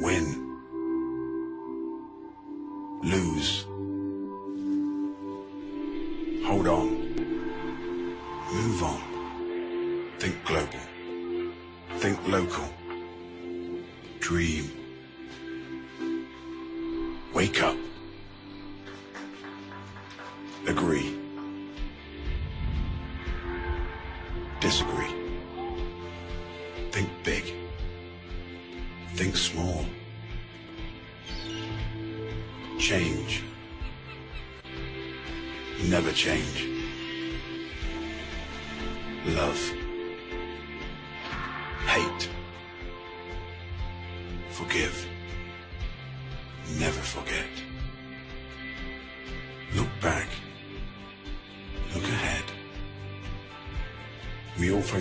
win, lose.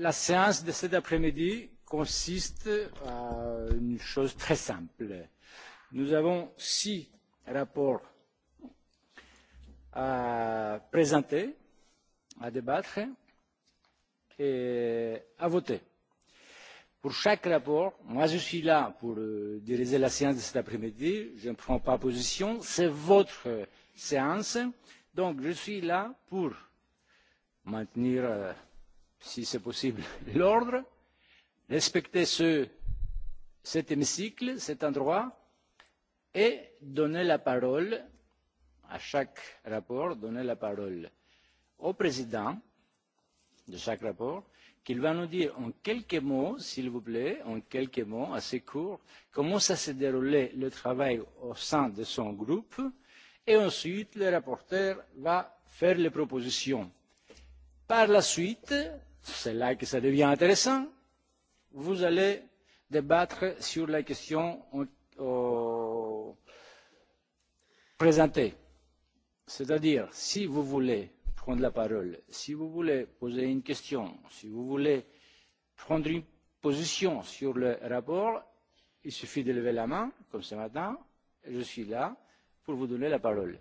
La séance de cet après-midi consiste à une chose très simple. Nous avons six rapports à présenter, à débattre et à voter. Pour chaque rapport, moi je suis là pour diriger la séance de cet après-midi, je ne prends pas position, c'est votre séance, donc je suis là pour maintenir si c'est possible, l'ordre, respecter cet hémicycle, cet endroit, et donner la parole à chaque rapport, donner la parole au président de chaque rapport, qu'il va nous dire en quelques mots, s'il vous plaît, en quelques mots, assez courts, comment ça s'est déroulé le travail au sein de son groupe, et ensuite le rapporteur va faire les propositions. Par la suite, c'est là que ça devient intéressant, vous allez débattre sur la question présentée. C'est-à-dire, si vous voulez prendre la parole, si vous voulez poser une question, si vous voulez prendre une position sur le rapport, il suffit de lever la main, comme ce matin, et je suis là pour vous donner la parole.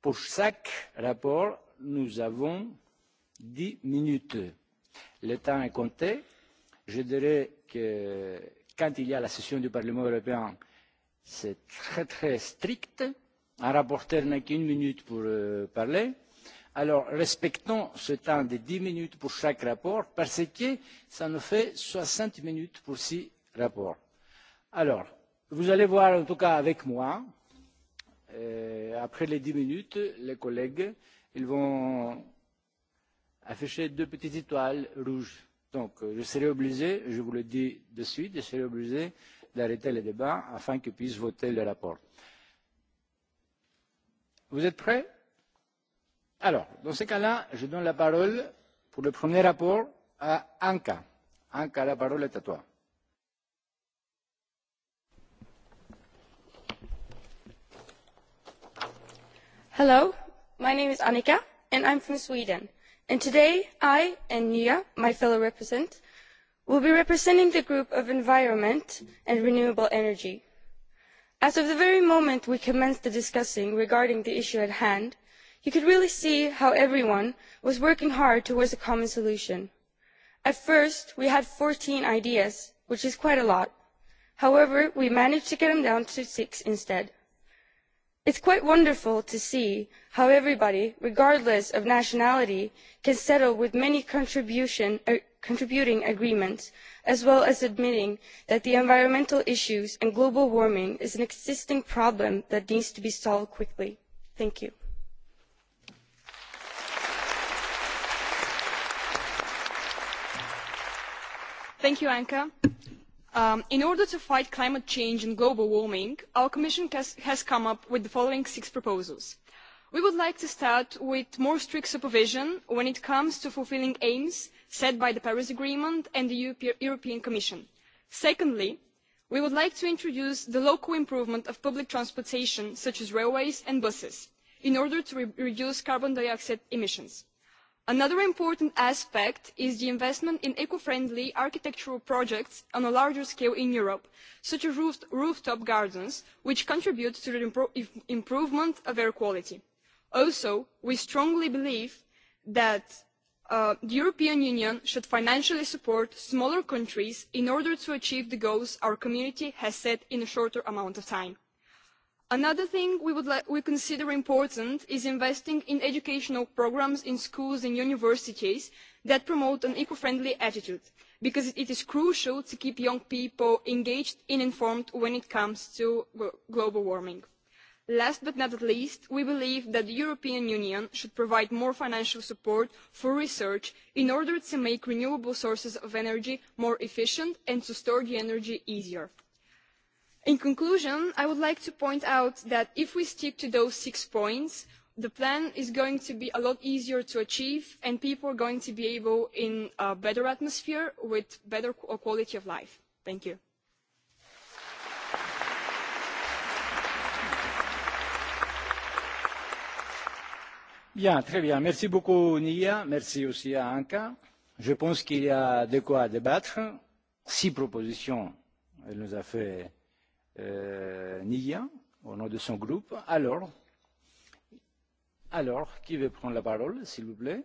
Pour chaque rapport, nous avons dix minutes Le temps est compté. Je dirais que quand il y a la session du Parlement européen, c'est très très strict. Un rapporteur n'a qu'une minute pour parler. Alors respectons ce temps de 10 minutes pour chaque rapport parce que ça nous fait 60 minutes pour six rapports. Alors, vous allez voir en tout cas avec moi, après les 10 minutes, les collègues, ils vont afficher deux petites étoiles rouges. Donc, je serai obligé, je vous le dis de suite, je serai obligé d'arrêter le débat afin qu'ils puissent voter le rapport. Vous êtes prêts Alors, dans ce cas-là, je donne la parole pour le premier rapport à Anka. Anka, la parole est à toi. Hello, my name is Annika and I'm from Sweden and today i and nia my fellow representative, will be representing the group of environment and renewable energy. as of the very moment we commenced the discussing regarding the issue at hand you could really see how everyone was working hard towards a common solution. at first we had fourteen ideas which is quite a lot. however we managed to get them down to six instead. It's quite wonderful to see how everybody, regardless of nationality, can settle with many contributing agreements, as well as admitting that the environmental issues and global warming is an existing problem that needs to be solved quickly. Thank you. Anka. In order to fight climate change and global warming, our Commission has come up with the following six proposals. We would like to start with more strict supervision when it comes to fulfilling aims set by the Paris Agreement and the European Commission. Secondly, we would like to introduce the local improvement of public transportation, such as railways and buses, in order to reduce carbon dioxide emissions. Another important aspect is the investment in eco-friendly architectural projects on a larger scale in Europe, such as rooftop gardens, which contribute to the improvement of air quality. Also, we strongly believe that the European Union should financially support smaller countries in order to achieve the goals our community has set in a shorter amount of time. Another thing we consider important is investing in educational programmes in schools and universities that promote an eco-friendly attitude, because it is crucial to keep young people engaged and informed when it comes to global warming. Last but not least, we believe that the European Union should provide more financial support for research in order to make renewable sources of energy more efficient and to store the energy easier. In conclusion, I would like to point out that if we stick to those six points, the plan is going to be a lot easier to achieve and people are going to be able in a better atmosphere with better quality of life. Thank you. Bien, très bien. Merci beaucoup, Nia. Merci aussi à Anka. Je pense qu'il y a de quoi débattre. Six propositions. Elle nous a fait Nia, au nom de son groupe. Alors, alors qui veut prendre la parole, s'il vous plaît,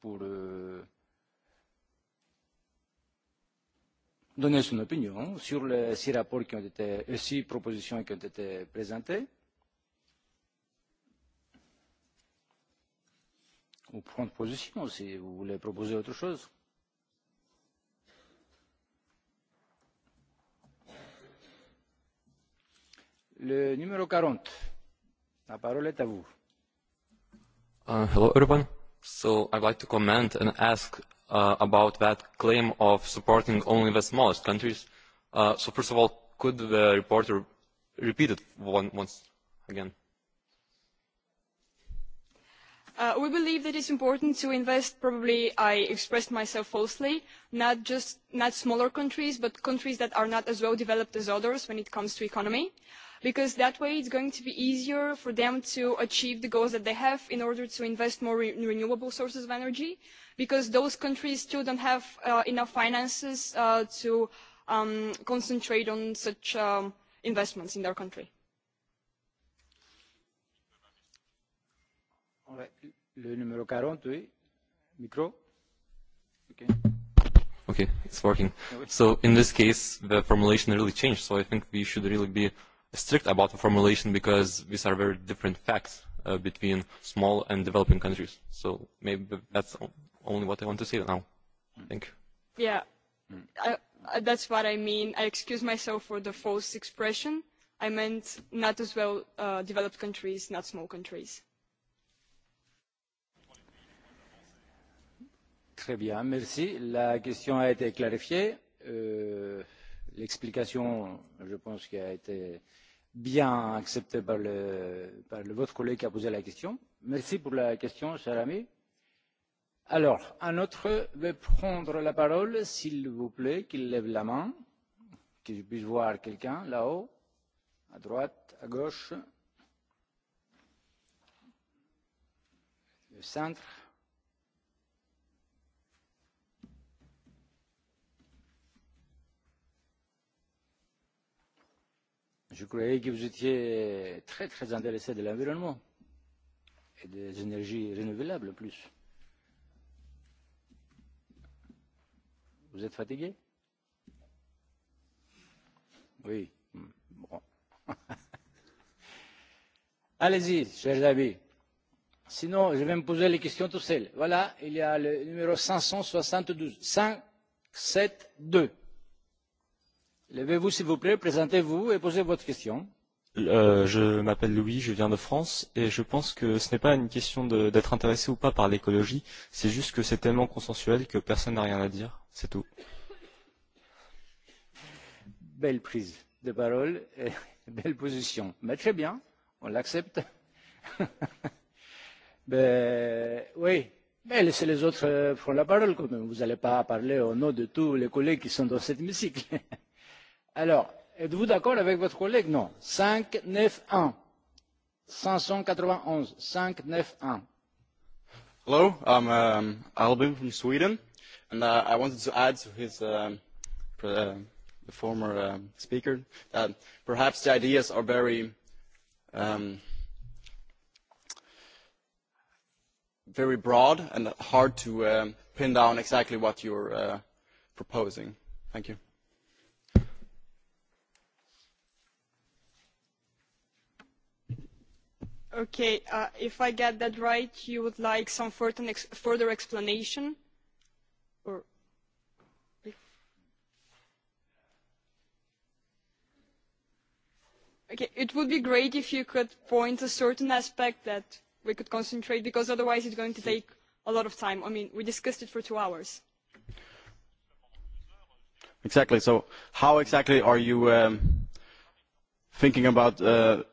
pour donner son opinion sur les six rapports qui ont été, six propositions qui ont été présentées Ou prendre position si vous voulez proposer autre chose. le numéro hello, everyone. So I'd like to comment and ask about that claim of supporting only the smallest countries. so first of all, could the reporter repeat it once again? We believe that it is important to invest, probably I expressed myself falsely, not just not smaller countries, but countries that are not as well developed as others when it comes to economy because that way it's going to be easier for them to achieve the goals that they have in order to invest more in renewable sources of energy because those countries still don't have enough finances to concentrate on such investments in their country. Okay, it's working. So in this case, the formulation really changed. So I think we should really be strict about the formulation because these are very different facts between small and developing countries. So maybe that's only what I want to say now. Thank you. Yeah, that's what I mean. I excuse myself for the false expression. I meant not as well developed countries, not small countries. Très bien, merci. La question a été clarifiée. Euh, L'explication, je pense, qui a été bien acceptée par le votre collègue qui a posé la question. Merci pour la question, cher ami. Alors, un autre veut prendre la parole, s'il vous plaît, qu'il lève la main, que je puisse voir quelqu'un là-haut, à droite, à gauche, le centre. Je croyais que vous étiez très très intéressé de l'environnement et des énergies renouvelables en plus. Vous êtes fatigué Oui. Bon. Allez-y, chers amis. Sinon, je vais me poser les questions tout seul. Voilà, il y a le numéro 572. 572. Levez-vous, s'il vous plaît, présentez-vous et posez votre question. Je m'appelle Louis, je viens de France et je pense que ce n'est pas une question d'être intéressé ou pas par l'écologie, c'est juste que c'est tellement consensuel que personne n'a rien à dire, c'est tout. Belle prise de parole, et belle position. Mais très bien, on l'accepte. Oui, mais laissez les autres prendre la parole quand même. Vous n'allez pas parler au nom de tous les collègues qui sont dans cet hémicycle. Alors, êtes-vous d'accord avec votre collègue Non. 5, 9, 1. 591. 5, 9, 1. Hello, I'm um, Albin from Sweden, and uh, I wanted to add to his um, uh, the former um, speaker that perhaps the ideas are very um, very broad and hard to um, pin down exactly what you're uh, proposing. Thank you. Okay, if I get that right, you would like some further explanation? Or Okay, it would be great if you could point a certain aspect that we could concentrate, because otherwise it's going to take a lot of time. I mean, we discussed it for two hours. Exactly. So, how exactly are you thinking about?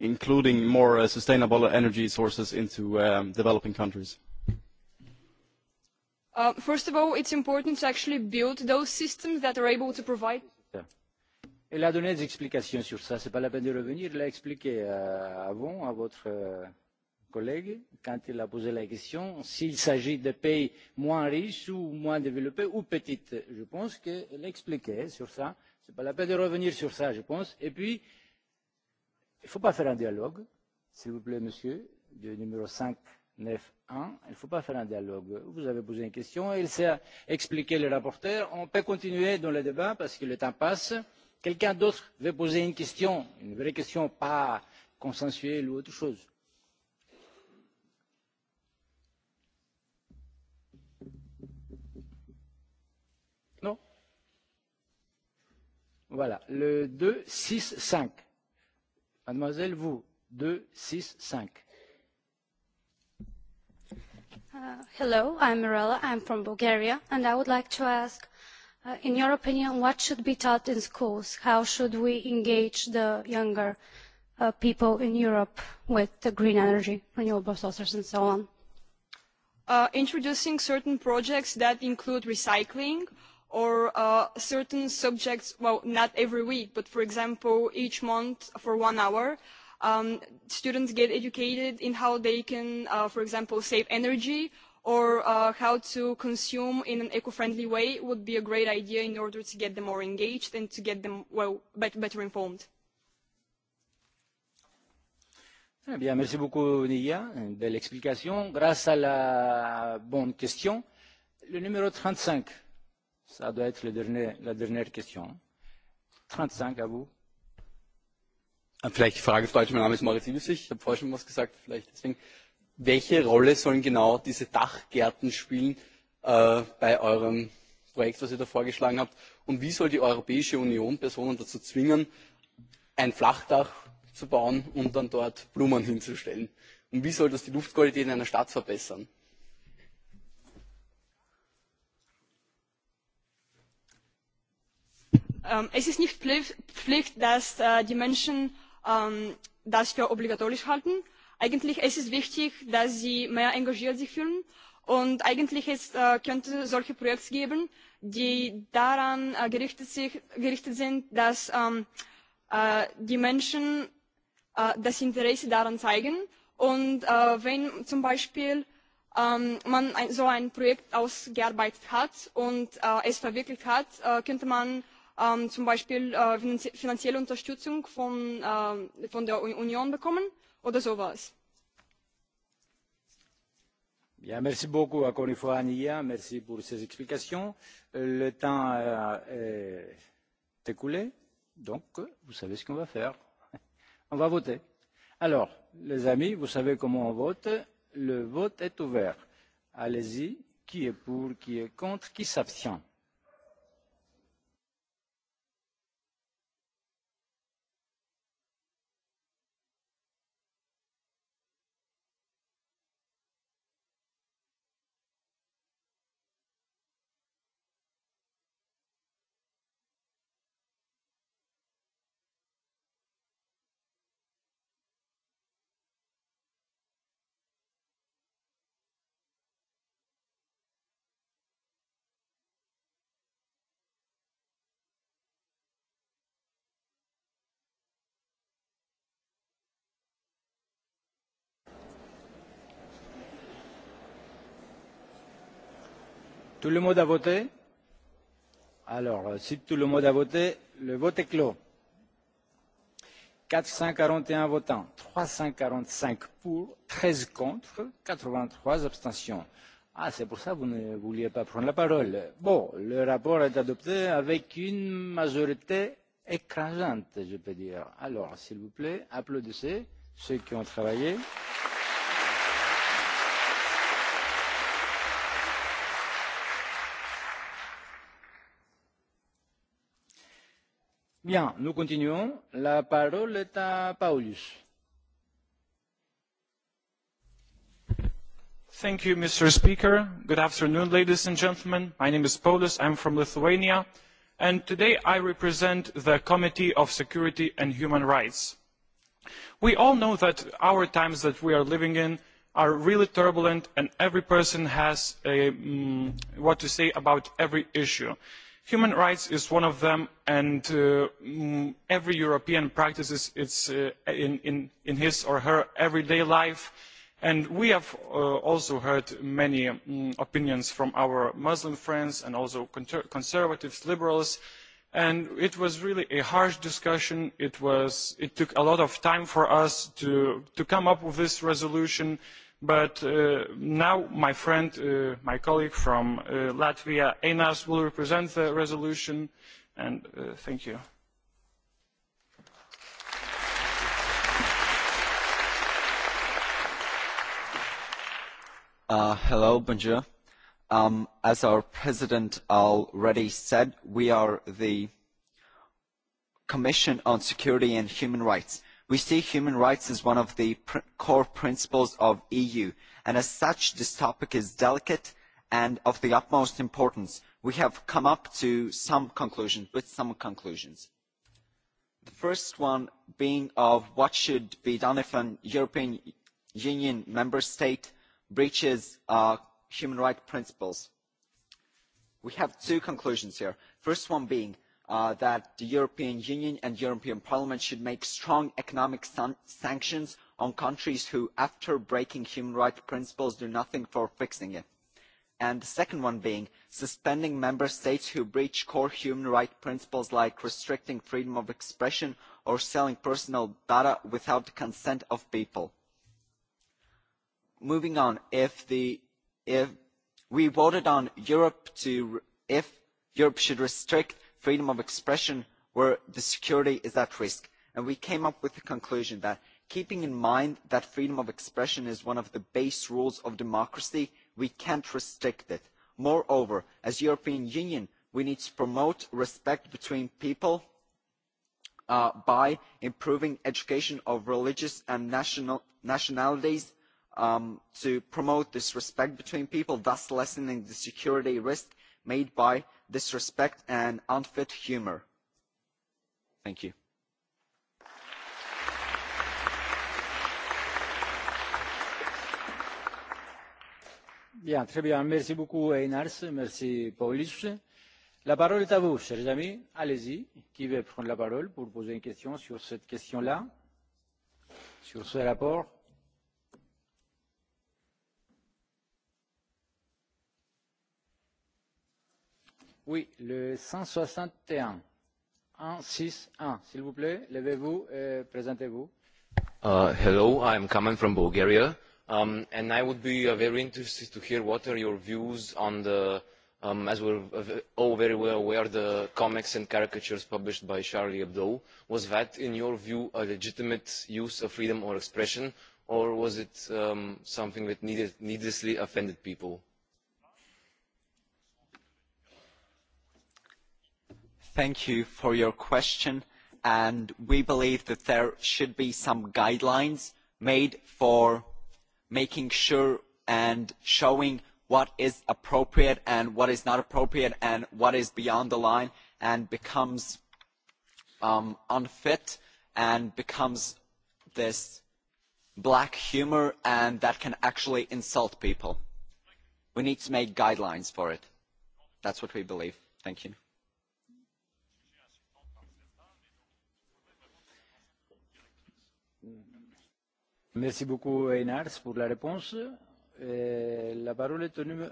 including more sustainable energy sources into developing countries? First of all, it's important to actually build those systems that are able to provide. Elle a donné des explications sur ça. Ce n'est pas la peine de revenir. Elle l'a expliqué avant à votre collègue quand il a posé la question s'il s'agit de pays moins riches ou moins développés ou petites. Je pense qu'elle a expliqué sur ça. Ce n'est pas la peine de revenir sur ça, je pense. Et puis, Il ne faut pas faire un dialogue, s'il vous plaît, monsieur, du numéro 591. Il ne faut pas faire un dialogue. Vous avez posé une question, et il s'est expliqué le rapporteur. On peut continuer dans le débat parce que le temps passe. Quelqu'un d'autre veut poser une question, une vraie question, pas consensuelle ou autre chose. Non Voilà, le 265. Mademoiselle, vous, six cinq. Uh, Hello, I'm Mirella. I'm from Bulgaria, and I would like to ask, in your opinion, what should be taught in schools? How should we engage the younger people in Europe with the green energy, renewable sources, and so on? Introducing certain projects that include recycling or certain subjects well not every week but for example each month for one hour students get educated in how they can for example save energy or how to consume in an eco-friendly way would be a great idea in order to get them more engaged and to get them well better informed. bien, merci beaucoup Nia, une belle explication. Grâce à la bonne question, le numéro 35 Ça doit être le dernier, la dernière question. 35 à vous. Vielleicht die Frage auf Deutsch. Mein Name ist Moritz Ibis. Ich habe vorher schon was gesagt. Vielleicht deswegen. Welche Rolle sollen genau diese Dachgärten spielen äh, bei eurem Projekt, was ihr da vorgeschlagen habt? Und wie soll die Europäische Union Personen dazu zwingen, ein Flachdach zu bauen und dann dort Blumen hinzustellen? Und wie soll das die Luftqualität in einer Stadt verbessern? Es ist nicht Pflicht, dass die Menschen das für obligatorisch halten. Eigentlich ist es wichtig, dass sie sich mehr engagiert fühlen. Und eigentlich könnte es solche Projekte geben, die daran gerichtet sind, dass die Menschen das Interesse daran zeigen. Und wenn zum Beispiel man so ein Projekt ausgearbeitet hat und es verwirklicht hat, könnte man zum Beispiel finanzielle Unterstützung von der Union bekommen oder sowas. Merci beaucoup encore une fois, Ania. Merci pour ces explications. Le temps est écoulé, donc vous savez ce qu'on va faire. On va voter. Alors, les amis, vous savez comment on vote. Le vote est ouvert. Allez-y. Qui est pour, qui est contre, qui s'abstient Tout le monde a voté Alors, si tout le monde a voté, le vote est clos. 441 votants, 345 pour, 13 contre, 83 abstentions. Ah, c'est pour ça que vous ne vouliez pas prendre la parole. Bon, le rapport est adopté avec une majorité écrasante, je peux dire. Alors, s'il vous plaît, applaudissez ceux qui ont travaillé. Bien, nous continuons. La parole est à Paulus. Thank you, Mr. Speaker. Good afternoon, ladies and gentlemen. My name is Paulus. I'm from Lithuania. And today I represent the Committee of Security and Human Rights. We all know that our times that we are living in are really turbulent and every person has what to say about every issue. Human rights is one of them, and every European practices it in his or her everyday life. And we have also heard many opinions from our Muslim friends and also conservatives, liberals. And it was really a harsh discussion. It took a lot of time for us to come up with this resolution But now my friend, my colleague from Latvia, Einas, will represent the resolution, and thank you. Hello, bonjour. Um As our president already said, we are the Commission on Security and Human Rights We see human rights as one of the core principles of EU, and as such this topic is delicate and of the utmost importance. We have come up to some conclusions, with some conclusions. The first one being of what should be done if a European Union member state breaches human rights principles. We have two conclusions here. First one being that the European Union and European Parliament should make strong economic sanctions on countries who, after breaking human rights principles, do nothing for fixing it. And the second one being suspending member states who breach core human rights principles like restricting freedom of expression or selling personal data without the consent of people. Moving on, if the if we voted on Europe to if Europe should restrict freedom of expression where the security is at risk. And we came up with the conclusion that keeping in mind that freedom of expression is one of the base rules of democracy, we can't restrict it. Moreover, as European Union, we need to promote respect between people by improving education of religious and nationalities to promote this respect between people, thus lessening the security risk made by disrespect and unfit humor. Thank you. Bien, très bien. Merci beaucoup, Einars. Merci, Paulus. La parole est à vous, chers amis. Allez-y. Qui veut prendre la parole pour poser une question sur cette question-là, sur ce rapport Oui, le 161. 161, s'il vous plaît. Levez-vous et présentez-vous. Uh, hello, I'm Kamen from Bulgaria. and I would be very interested to hear what are your views on the, um, as we're all very well aware, the comics and caricatures published by Charlie Hebdo. Was that, in your view, a legitimate use of freedom or expression, or was it something that needed, needlessly offended people? thank you for your question. And we believe that there should be some guidelines made for making sure and showing what is appropriate and what is not appropriate and what is beyond the line and becomes unfit and becomes this black humor and that can actually insult people. We need to make guidelines for it. That's what we believe. Thank you. Merci beaucoup, Einars, pour la réponse. La parole est au numéro...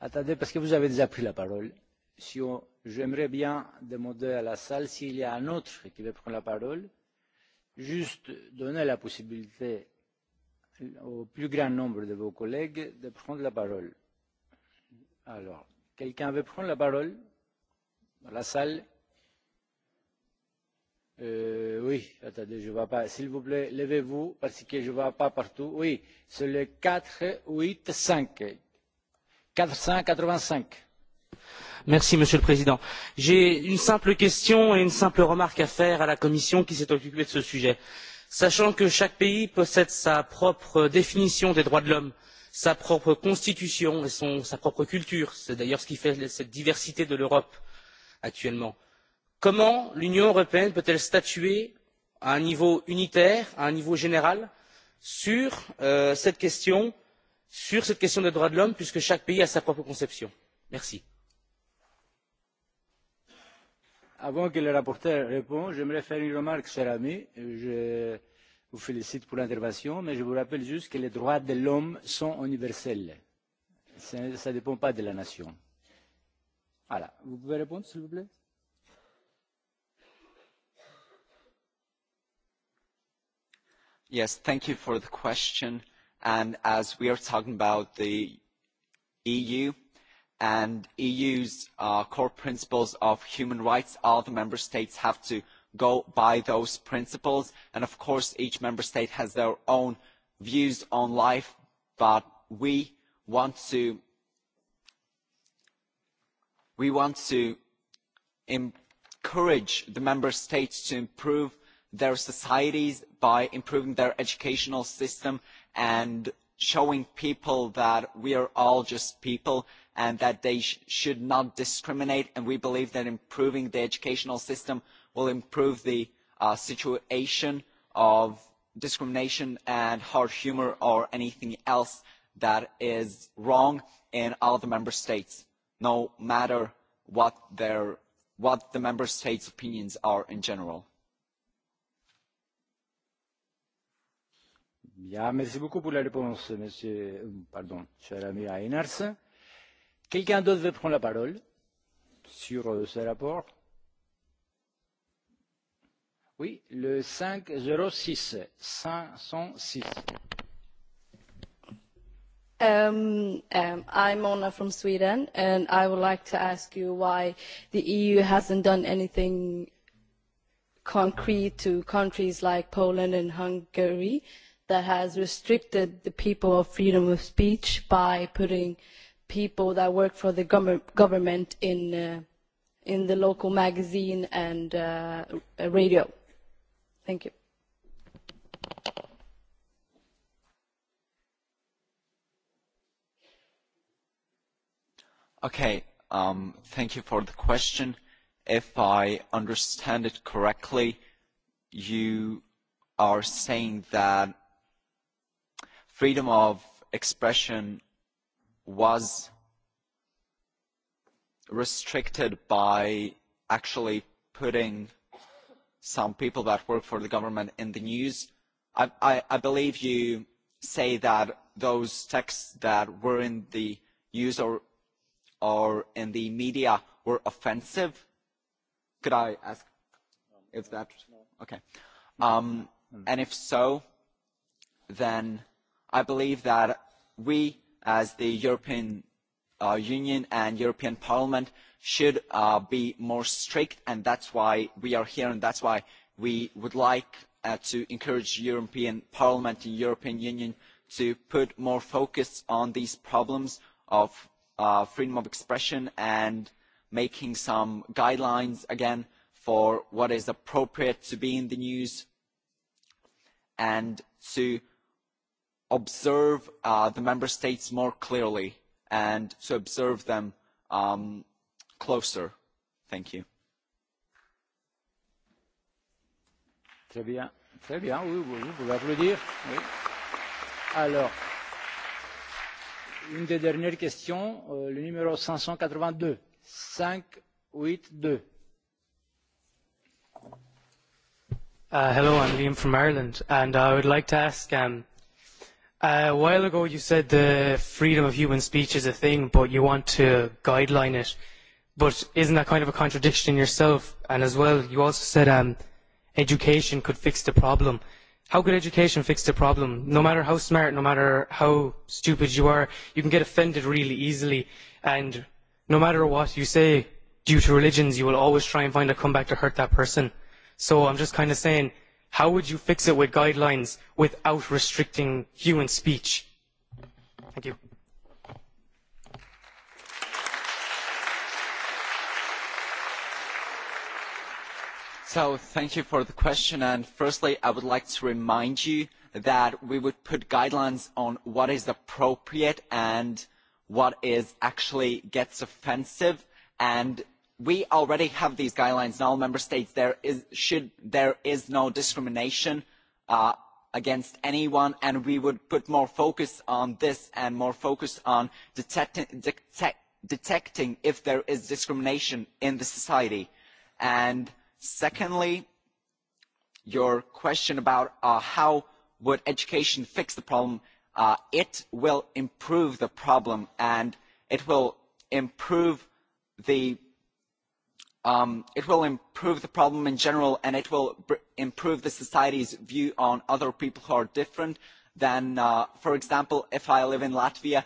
Attendez, parce que vous avez déjà pris la parole. Si J'aimerais bien demander à la salle s'il y a un autre qui veut prendre la parole. Juste donner la possibilité au plus grand nombre de vos collègues de prendre la parole. Alors, quelqu'un veut prendre la parole dans la salle Oui, attendez, je ne vois pas. S'il vous plaît, levez-vous parce que je ne vois pas partout. Oui, c'est le 485. 485. Merci, Monsieur le Président. J'ai une simple question et une simple remarque à faire à la Commission qui s'est occupée de ce sujet. Sachant que chaque pays possède sa propre définition des droits de l'homme, sa propre constitution et sa propre culture, c'est d'ailleurs ce qui fait cette diversité de l'Europe actuellement comment l'union européenne peut elle statuer à un niveau unitaire à un niveau général sur cette question des droits de l'homme puisque chaque pays a sa propre conception? merci. avant que le rapporteur réponde j'aimerais faire une remarque cher ami. je vous félicite pour l'intervention mais je vous rappelle juste que les droits de l'homme sont universels. cela ne dépend pas de la nation. voilà. vous pouvez répondre s'il vous plaît? Yes, thank you for the question. And as we are talking about the EU and EU's core principles of human rights, all the member states have to go by those principles. And of course, each member state has their own views on life, but we want to we want to encourage the member states to improve their societies by improving their educational system and showing people that we are all just people and that they should not discriminate and we believe that improving the educational system will improve the situation of discrimination and hard humor or anything else that is wrong in all the member states no matter what their what the member states' opinions are in general. Bien, merci beaucoup pour la réponse, monsieur, pardon, cher ami Einars. Quelqu'un d'autre veut prendre la parole sur ce rapport Oui, le 506, 506. Um, um, I'm Mona from Sweden, and I would like to ask you why the EU hasn't done anything concrete to countries like Poland and Hungary that has restricted the people of freedom of speech by putting people that work for the government in in the local magazine and radio. Thank you. Okay, um, thank you for the question. If I understand it correctly, you are saying that freedom of expression was restricted by actually putting some people that work for the government in the news. I I believe you say that those texts that were in the news or in the media were offensive. Could I ask if that? Okay. And if so, then I believe that we, as the European Union and European Parliament, should be more strict, and that's why we are here, and that's why we would like to encourage European Parliament and European Union to put more focus on these problems of freedom of expression and making some guidelines again for what is appropriate to be in the news and to observe the member states more clearly and to observe them closer. Thank you. Très bien, très bien, oui, vous applaudir. Oui. Alors, une des dernières questions, le numéro 582, 582. Uh, hello, I'm Liam from Ireland, and I would like to ask um, A while ago you said the freedom of human speech is a thing, but you want to guideline it. But isn't that kind of a contradiction in yourself? And as well, you also said um, education could fix the problem. How could education fix the problem? No matter how smart, no matter how stupid you are, you can get offended really easily. And no matter what you say, due to religions, you will always try and find a comeback to hurt that person. So I'm just kind of saying How would you fix it with guidelines without restricting human speech? Thank you. So thank you for the question. And firstly, I would like to remind you that we would put guidelines on what is appropriate and what is actually gets offensive and we already have these guidelines in all member states. There is no discrimination against anyone, and we would put more focus on this and more focus on detecting if there is discrimination in the society. And secondly, your question about how would education fix the problem, it will improve the problem, and it will improve the It will improve the problem in general and it will improve the society's view on other people who are different than, for example, if I live in Latvia,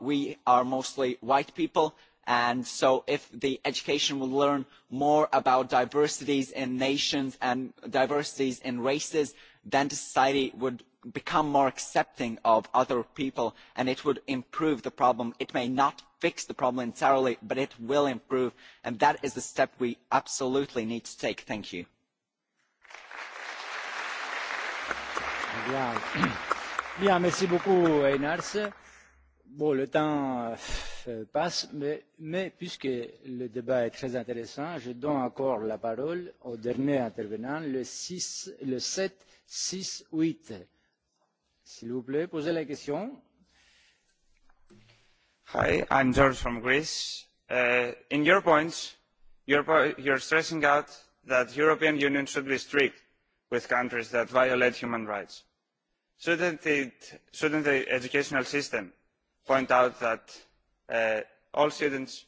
we are mostly white people and so if the education will learn more about diversities in nations and diversities in races, then the society would become more accepting of other people and it would improve the problem. It may not fix the problem entirely, but it will improve, and that is the step we absolutely need to take. Thank you. Bien, merci beaucoup, Einars. Bon, le temps passe, mais puisque le débat est très intéressant, je donne encore la parole au dernier intervenant, le 7-6-8. S'il vous plaît, posez la question Hi, I'm George from Greece. In your points, you're stressing out that the European Union should be strict with countries that violate human rights. Shouldn't the educational system point out that all students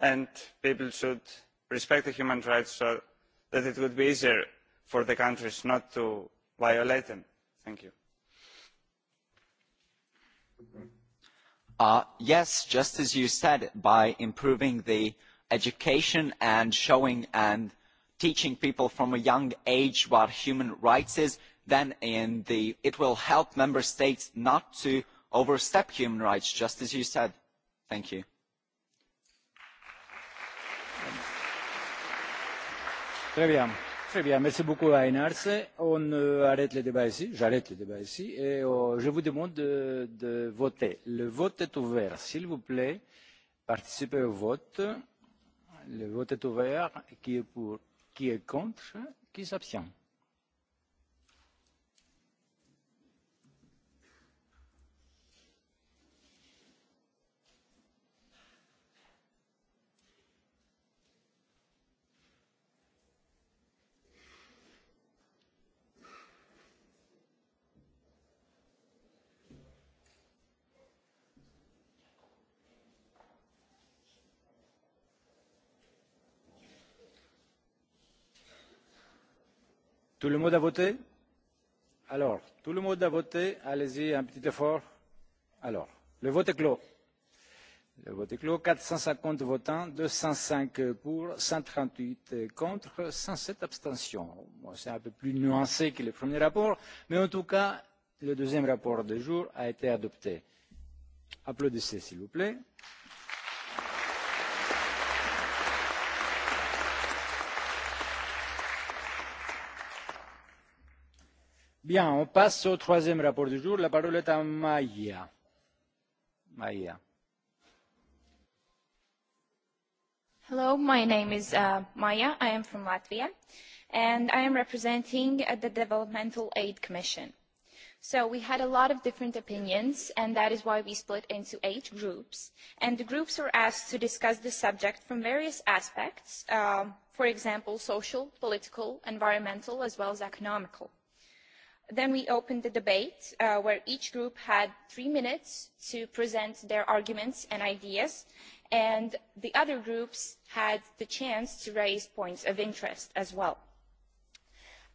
and people should respect the human rights so that it would be easier for the countries not to violate them? Thank you yes just as you said by improving the education and showing and teaching people from a young age what human rights is then it will help member states not to overstep human rights just as you said. thank you. Très bien, merci beaucoup Einars. On arrête le débat ici, j'arrête le débat ici et je vous demande de voter. Le vote est ouvert, s'il vous plaît, participez au vote. Le vote est ouvert, qui est pour, qui est contre, qui s'abstient. Tout le monde a voté Alors, tout le monde a voté. Allez-y, un petit effort. Alors, le vote est clos. Le vote est clos. 450 votants, 205 pour, 138 contre, 107 abstentions. Bon, C'est un peu plus nuancé que le premier rapport, mais en tout cas, le deuxième rapport du jour a été adopté. Applaudissez, s'il vous plaît. Bien, on passe au troisième rapport du jour. La parole est à Maya. Maya. Hello, my name is Maya. I am from Latvia, and I am representing the Developmental Aid Commission. So we had a lot of different opinions, and that is why we split into eight groups. And the groups were asked to discuss the subject from various aspects, for example, social, political, environmental, as well as economical. Then we opened the debate where each group had three minutes to present their arguments and ideas, and the other groups had the chance to raise points of interest as well.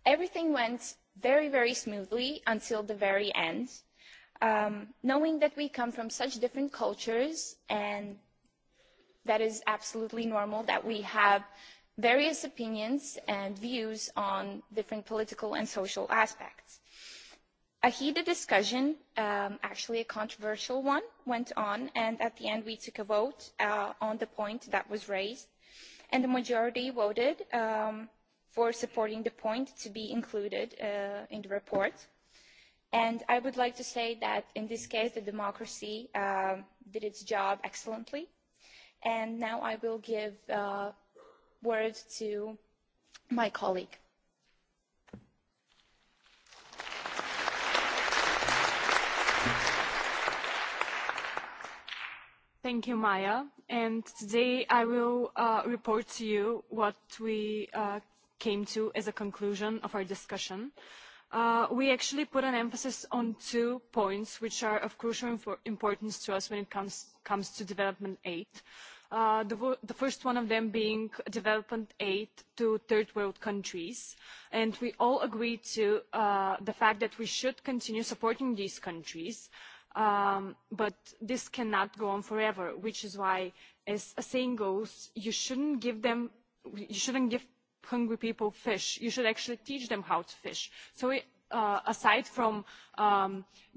Everything went very, very smoothly until the very end. Knowing that we come from such different cultures, and that is absolutely normal that we have various opinions and views on different political and social aspects. A heated discussion, actually a controversial one, went on, and at the end we took a vote on the point that was raised, and the majority voted for supporting the point to be included in the report. And I would like to say that in this case the democracy did its job excellently. And now I will give word to my colleague. Thank you, Maya. And today I will report to you what we came to as a conclusion of our discussion. We actually put an emphasis on two points which are of crucial importance to us when it comes to development aid the first one of them being development aid to third world countries. And we all agree to the fact that we should continue supporting these countries, but this cannot go on forever, which is why, as a saying goes, you shouldn't give them, you shouldn't give hungry people fish. You should actually teach them how to fish. So aside from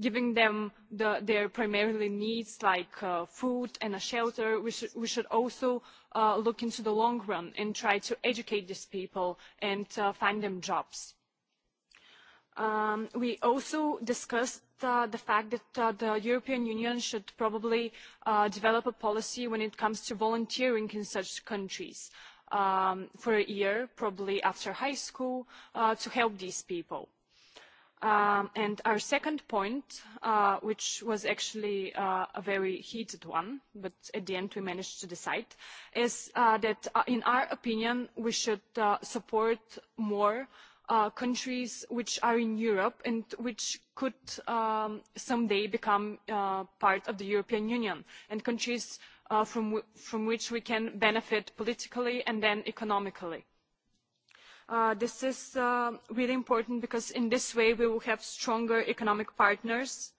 giving them their primarily needs like food and a shelter, we should also look into the long run and try to educate these people and find them jobs. We also discussed the fact that the European Union should probably develop a policy when it comes to volunteering in such countries for a year, probably after high school, to help these people. And our second point, which was actually a very heated one, but at the end we managed to decide, is that in our opinion we should support more countries which are in Europe and which could someday become part of the European Union, and countries from which we can benefit politically and then economically. This is really important because in this way we will have stronger economic partners.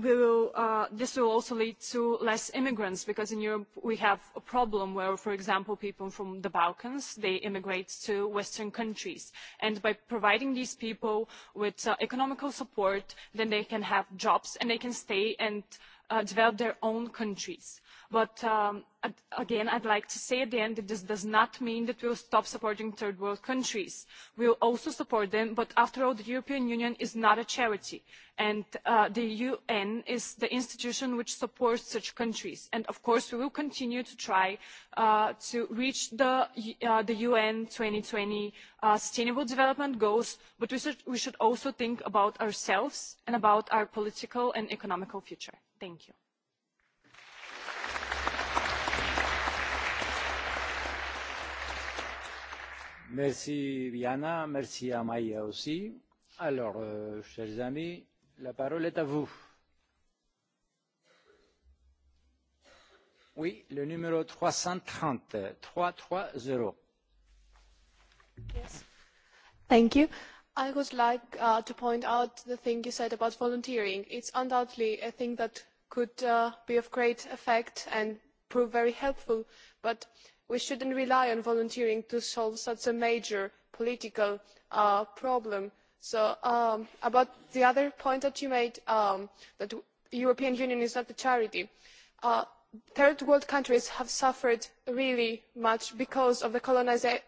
This will also lead to less immigrants because in Europe we have a problem where, for example, people from the Balkans, they immigrate to Western countries. And by providing these people with economical support, then they can have jobs and they can stay and develop their own countries. But again, I'd like to say at the end that this does not mean that we will stop supporting third world countries. We will also support them, but after all, the European Union is not a charity, and the UN is the institution which supports such countries. And of course, we will continue to try to reach the UN 2020 Sustainable Development Goals, but we should also think about ourselves and about our political and economical future. Thank you. Merci Viana, merci à Maya aussi. Alors, chers amis, la parole est à vous. Oui, le numéro 330, 330. Yes. Thank you. I would like to point out the thing you said about volunteering. It's undoubtedly a thing that could be of great effect and prove very helpful, but we should not rely on volunteering to solve such a major political problem. so about the other point that you made that the european union is not a charity third world countries have suffered really much because of the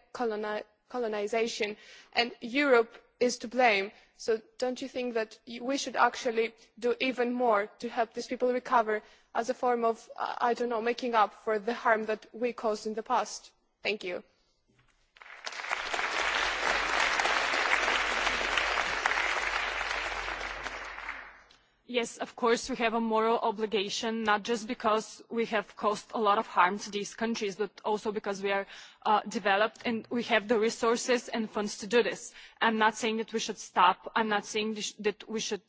colonisation and europe is to blame so don't you think that we should actually do even more to help these people recover as a form of, I don't know, making up for the harm that we caused in the past. Thank you. Yes, of course, we have a moral obligation, not just because we have caused a lot of harm to these countries, but also because we are developed and we have the resources and funds to do this. I'm not saying that we should stop. I'm not saying that we should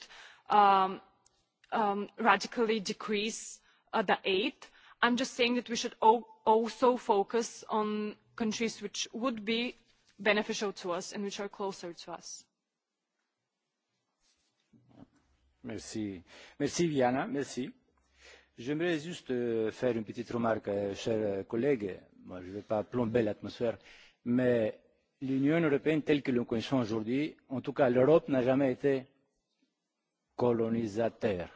radically decrease the aid. I'm just saying that we should also focus on countries which would be beneficial to us and which are closer to us. Merci. Merci, Viana. Merci. J'aimerais juste faire une petite remarque, chers collègues. Moi, je ne vais pas plomber l'atmosphère, mais l'Union européenne telle que nous connaissons aujourd'hui, en tout cas l'Europe n'a jamais été colonisateur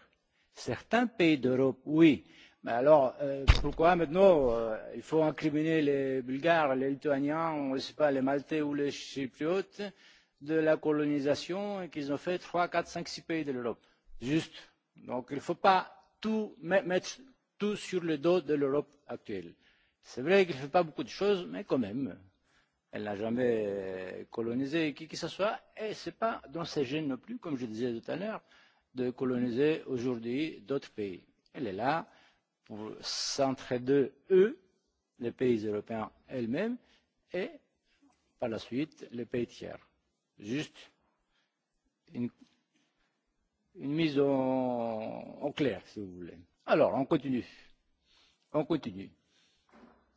certains pays d'Europe, oui. Mais alors, pourquoi maintenant il faut incriminer les Bulgares, les Lituaniens, je sais pas, les Maltais ou les Chypriotes de la colonisation qu'ils ont fait trois, quatre, cinq, six pays de l'Europe Juste. Donc, il ne faut pas tout mettre tout sur le dos de l'Europe actuelle. C'est vrai qu'elle ne fait pas beaucoup de choses, mais quand même, elle n'a jamais colonisé qui que ce soit, et ce n'est pas dans ses gènes non plus, comme je disais tout à l'heure de coloniser aujourd'hui d'autres pays. Elle est là pour s'entraider, eux, les pays européens elles-mêmes, et par la suite, les pays tiers. Juste une mise en clair, si vous voulez. Alors, on continue. On continue.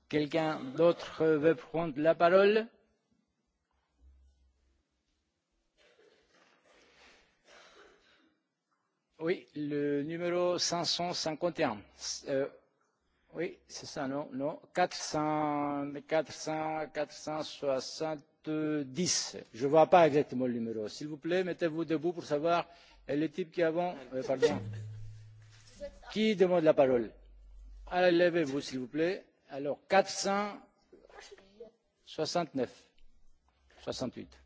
Quelqu'un d'autre veut prendre la parole Oui, le numéro 551. Euh, oui, c'est ça, non, non. 400, 400, 470. Je ne vois pas exactement le numéro. S'il vous plaît, mettez-vous debout pour savoir le type qui avant. pardon. qui demande la parole Allez, levez-vous, s'il vous plaît. Alors, 469. 68.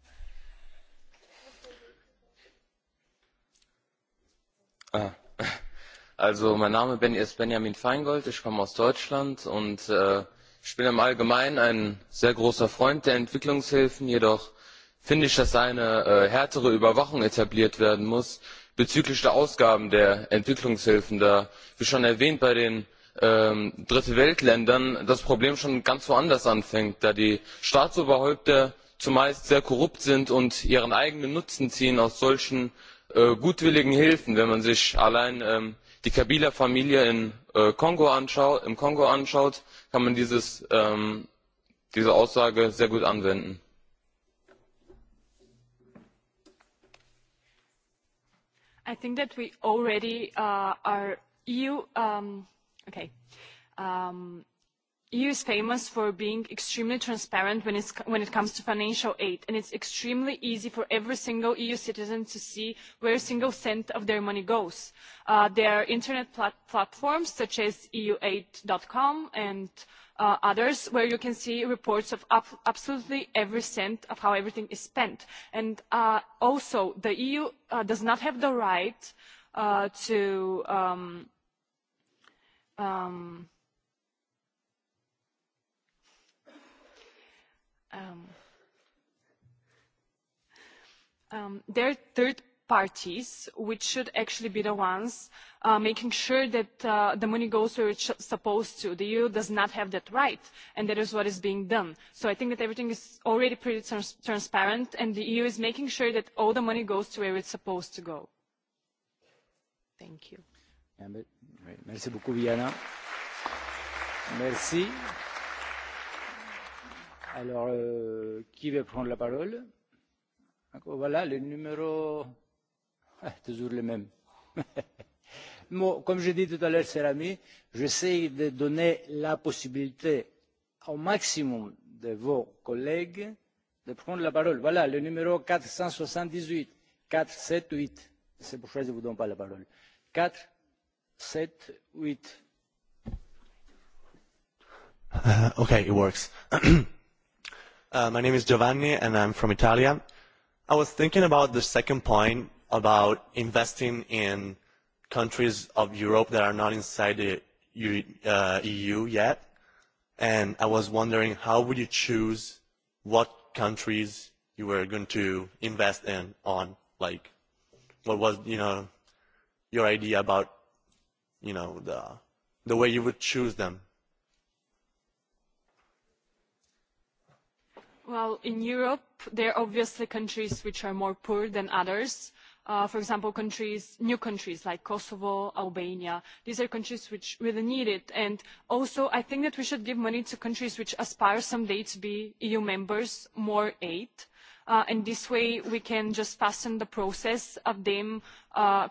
Also mein Name ist Benjamin Feingold, ich komme aus Deutschland und ich bin im Allgemeinen ein sehr großer Freund der Entwicklungshilfen, jedoch finde ich, dass eine härtere Überwachung etabliert werden muss bezüglich der Ausgaben der Entwicklungshilfen, da, wie schon erwähnt, bei den Dritte Weltländern das Problem schon ganz woanders anfängt, da die Staatsoberhäupter zumeist sehr korrupt sind und ihren eigenen Nutzen ziehen aus solchen gutwilligen Hilfen, wenn man sich allein die Kabila Familie im Kongo anschaut, kann man diese Aussage sehr gut anwenden. EU is famous for being extremely transparent when it comes to financial aid, and it's extremely easy for every single EU citizen to see where a single cent of their money goes. There are internet platforms such as EUAid.com and others where you can see reports of absolutely every cent of how everything is spent. And also, the EU does not have the right to there are third parties which should actually be the ones making sure that the money goes where it's supposed to. The EU does not have that right, and that is what is being done. So I think that everything is already pretty transparent, and the EU is making sure that all the money goes to where it's supposed to go. Thank you. Merci beaucoup, Viana. Merci. Alors, qui veut prendre la parole Voilà, le numéro... Toujours le même. Comme je dis tout à l'heure, cher ami, j'essaie de donner la possibilité au maximum de vos collègues de prendre la parole. Voilà, le numéro 478, 478. C'est pourquoi je ne vous donne pas la parole. 478. OK, it works. My name is Giovanni and I'm from Italia. I was thinking about the second point about investing in countries of Europe that are not inside the EU yet. And I was wondering how would you choose what countries you were going to invest in on? Like, what was, you know, your idea about, you know, the, the way you would choose them? Well, in Europe, there are obviously countries which are more poor than others. For example, countries, new countries like Kosovo, Albania. These are countries which really need it. And also, I think that we should give money to countries which aspire someday to be EU members, more aid. And this way, we can just fasten the process of them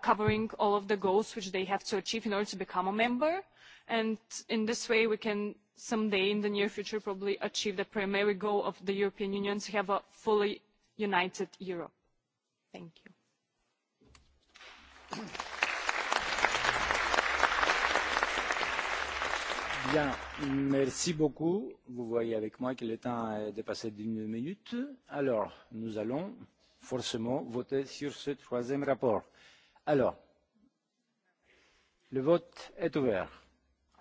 covering all of the goals which they have to achieve in order to become a member and in this way we can someday in the near future probably achieve the primary goal of the European Union to have a fully united Europe. Thank you. Bien, merci beaucoup. Vous voyez avec moi que le temps est dépassé d'une minute. Alors, nous allons forcément voter sur ce troisième rapport. Alors, le vote est ouvert.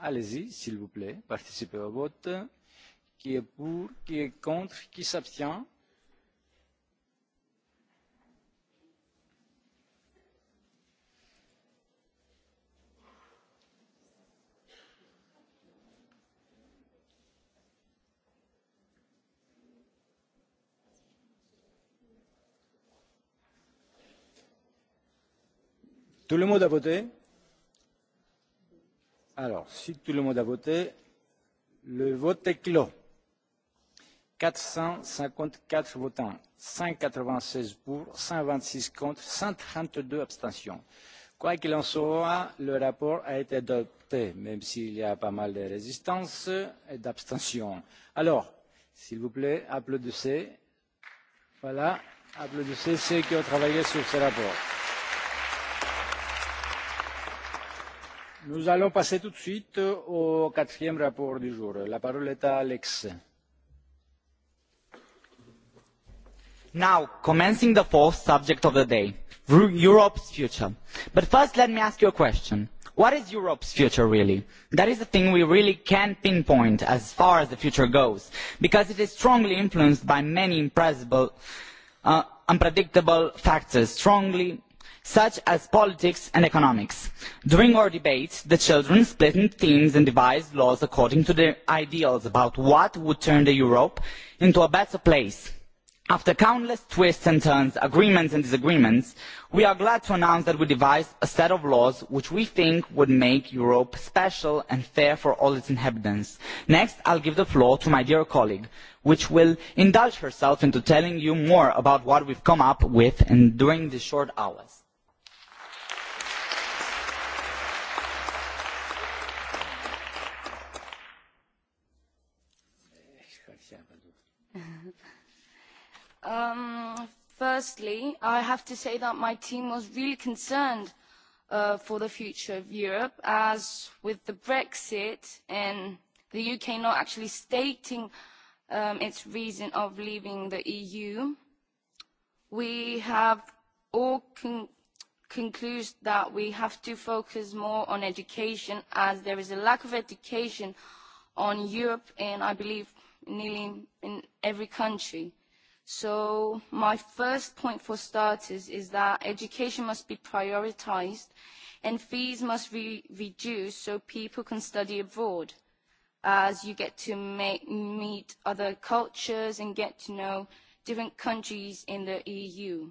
Allez-y, s'il vous plaît, participez au vote. Qui est pour, qui est contre, qui s'abstient Tout le monde a voté Alors, si tout le monde a voté, le vote est clos. 454 votants, 196 pour, 126 contre, 132 abstentions. Quoi qu'il en soit, le rapport a été adopté, même s'il y a pas mal de résistances et d'abstentions. Alors, s'il vous plaît, applaudissez. Voilà, applaudissez ceux qui ont travaillé sur ce rapport. Nous allons passer tout de suite au quatrième rapport du jour. La parole est à Alex. Now, commencing the fourth subject of the day, Europe's future. But first, let me ask you a question. What is Europe's future, really? That is the thing we really can pinpoint as far as the future goes, because it is strongly influenced by many impressible, unpredictable factors, strongly such as politics and economics. During our debates, the children split in teams and devised laws according to their ideals about what would turn Europe into a better place. After countless twists and turns, agreements and disagreements, we are glad to announce that we devised a set of laws which we think would make Europe special and fair for all its inhabitants. Next, I'll give the floor to my dear colleague, which will indulge herself into telling you more about what we've come up with during these short hours. Firstly, I have to say that my team was really concerned for the future of Europe, as with the Brexit and the UK not actually stating its reason of leaving the EU, we have all concluded that we have to focus more on education, as there is a lack of education on Europe, and I believe nearly in every country. So my first point for starters is that education must be prioritized and fees must be reduced so people can study abroad as you get to meet other cultures and get to know different countries in the EU.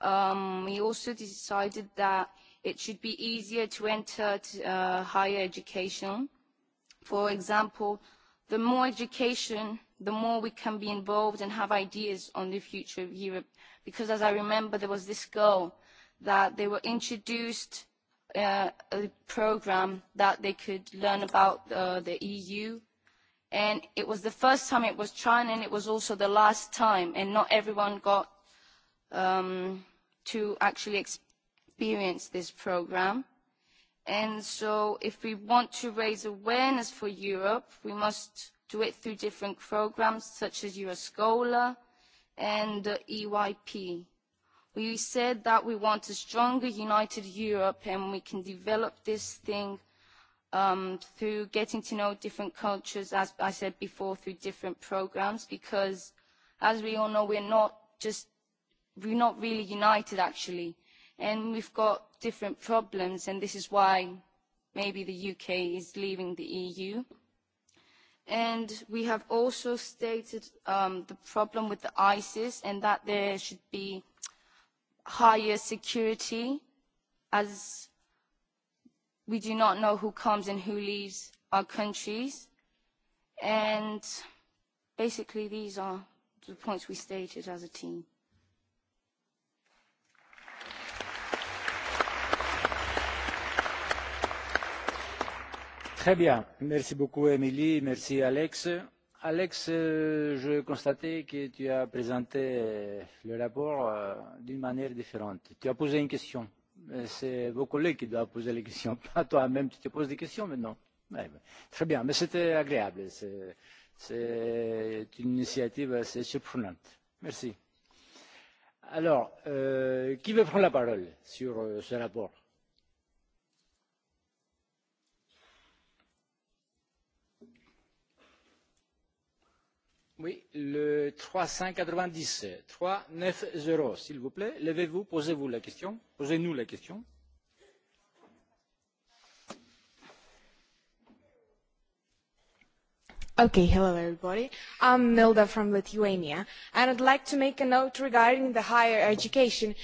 Um We also decided that it should be easier to enter higher education. For example, the more education the more we can be involved and have ideas on the future of Europe. Because as I remember, there was this goal that they were introduced a program that they could learn about the EU. And it was the first time it was trying and it was also the last time. And not everyone got to actually experience this program. And so if we want to raise awareness for Europe, we must do it through different programs such as Euroscola and EYP. We said that we want a stronger, united Europe, and we can develop this thing through getting to know different cultures, as I said before, through different programs, because, as we all know, we're not just, we're not really united, actually. And we've got different problems, and this is why maybe the UK is leaving the EU and we have also stated the problem with the ISIS and that there should be higher security as we do not know who comes and who leaves our countries. And basically these are the points we stated as a team. Très bien. Merci beaucoup, Émilie. Merci, Alex. Alex, je constatais que tu as présenté le rapport d'une manière différente. Tu as posé une question. C'est vos collègues qui doivent poser les questions, pas toi-même. Tu te poses des questions maintenant. Très bien. Mais c'était agréable. C'est une initiative assez surprenante. Merci. Alors, qui veut prendre la parole sur ce rapport Oui, le 390, 390, s'il vous plaît. Levez-vous, posez-vous la question. Posez-nous la question. Okay, hello everybody. I'm Milda from Lithuania, and I'd like to make a note regarding the higher education.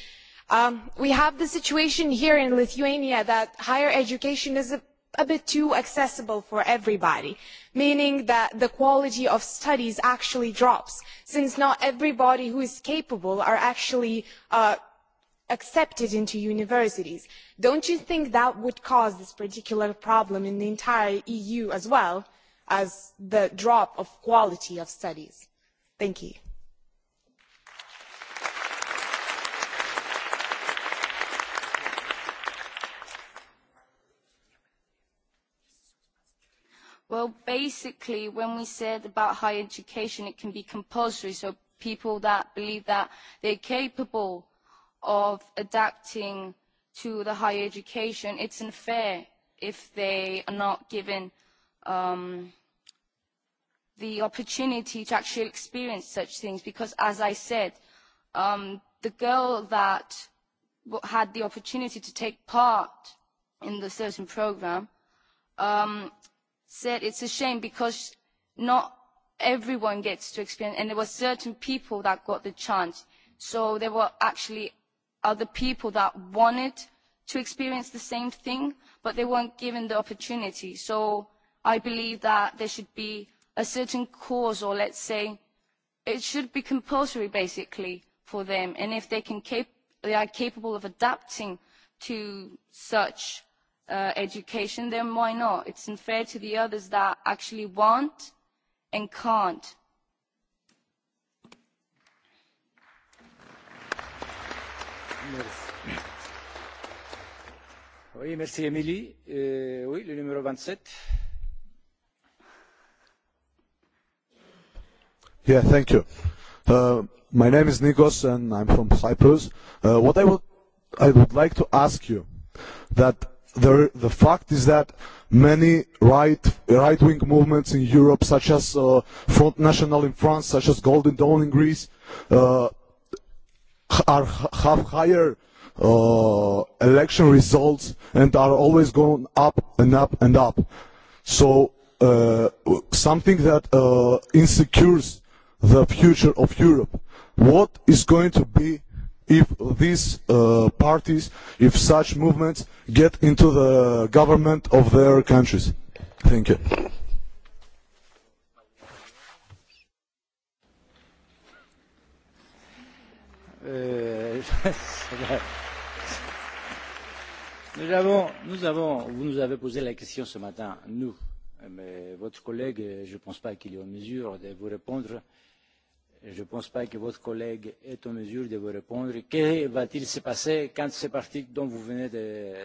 Um, we have the situation here in Lithuania that higher education is a a bit too accessible for everybody, meaning that the quality of studies actually drops, since not everybody who is capable are actually accepted into universities. Don't you think that would cause this particular problem in the entire EU as well as the drop of quality of studies? Thank you. Well, basically, when we said about higher education, it can be compulsory. So people that believe that they're capable of adapting to the higher education, it's unfair if they are not given um, the opportunity to actually experience such things. Because, as I said, um, the girl that had the opportunity to take part in the certain program, um, said it's a shame because not everyone gets to experience, and there were certain people that got the chance. So there were actually other people that wanted to experience the same thing, but they weren't given the opportunity. So I believe that there should be a certain cause, or let's say, it should be compulsory basically for them. And if they can, they are capable of adapting to such education, then why not? It's unfair to the others that actually want and can't. Oui, merci Émilie. oui, le numéro 27. Yeah, thank you. Uh, my name is Nikos and I'm from Cyprus. Uh, what I would, I would like to ask you that the the fact is that many right right wing movements in Europe, such as Front National in France, such as Golden Dawn in Greece, are have higher election results and are always going up and up and up. So something that insecures the future of Europe. What is going to be if these parties, if such movements get into the government of their countries. Thank you. Nous avons, nous avons, vous nous avez posé la question ce matin, nous, mais votre collègue, je ne pense pas qu'il est en mesure de vous répondre je ne pense pas que votre collègue est en mesure de vous répondre. Que va-t-il se passer quand ces partis dont vous venez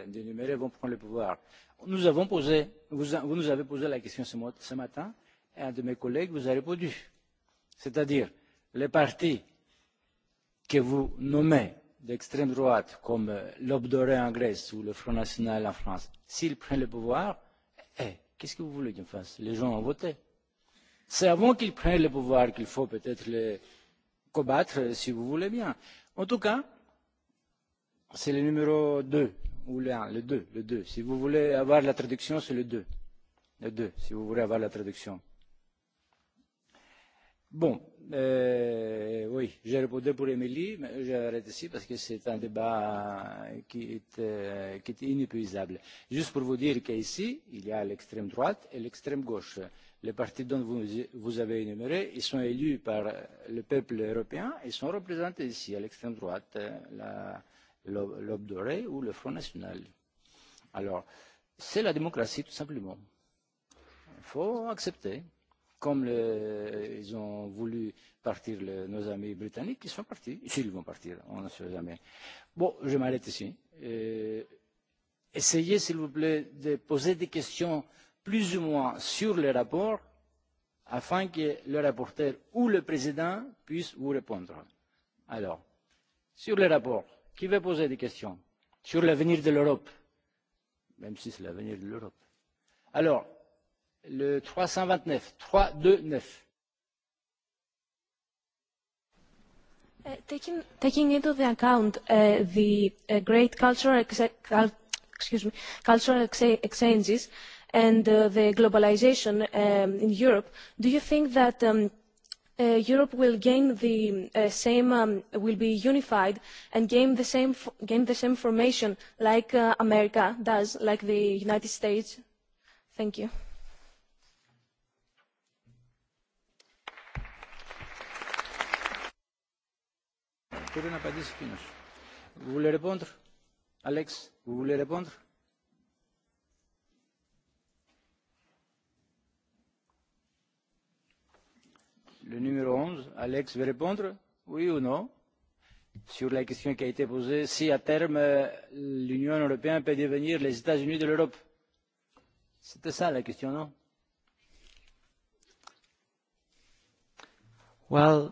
d'énumérer vont prendre le pouvoir Nous avons posé, vous, nous avez posé la question ce, matin, et un de mes collègues vous a répondu. C'est-à-dire, les partis que vous nommez d'extrême droite, comme l'Aube en Grèce ou le Front National en France, s'ils prennent le pouvoir, qu'est-ce que vous voulez qu'ils fassent Les gens ont voté C'est avant qu'ils prennent le pouvoir qu'il faut peut-être le combattre, si vous voulez bien. En tout cas, c'est le numéro 2, ou le 1, le 2, le 2. Si vous voulez avoir la traduction, c'est le 2. Le 2, si vous voulez avoir la traduction. Bon, euh, oui, j'ai répondu pour Émilie, mais j'arrête ici parce que c'est un débat qui est, qui est inépuisable. Juste pour vous dire qu'ici, il y a l'extrême droite et l'extrême gauche les partis dont vous avez énuméré, ils sont élus par le peuple européen et sont représentés ici, à l'extrême droite, l'aube dorée ou le Front National. Alors, c'est la démocratie, tout simplement. Il faut accepter. Comme ils ont voulu partir, nos amis britanniques, ils sont partis. S'ils vont partir, on ne sait jamais. Bon, je m'arrête ici. Essayez, s'il vous plaît, de poser des questions plus ou moins sur le rapport afin que le rapporteur ou le président puisse vous répondre. Alors, sur le rapport, qui veut poser des questions sur l'avenir de l'Europe, même si c'est l'avenir de l'Europe. Alors, le 329, 329. Taking, taking into the account uh, the uh, great cultural, exchanges, and the globalization in Europe, do you think that Europe will gain the same, will be unified and gain the same gain the same formation like America does, like the United States? Thank you. Vous voulez répondre, Alex Vous voulez répondre le numéro 11. Alex veut répondre, oui ou non, sur la question qui a été posée, si à terme l'Union européenne peut devenir les États-Unis de l'Europe. C'était ça la question, non Well,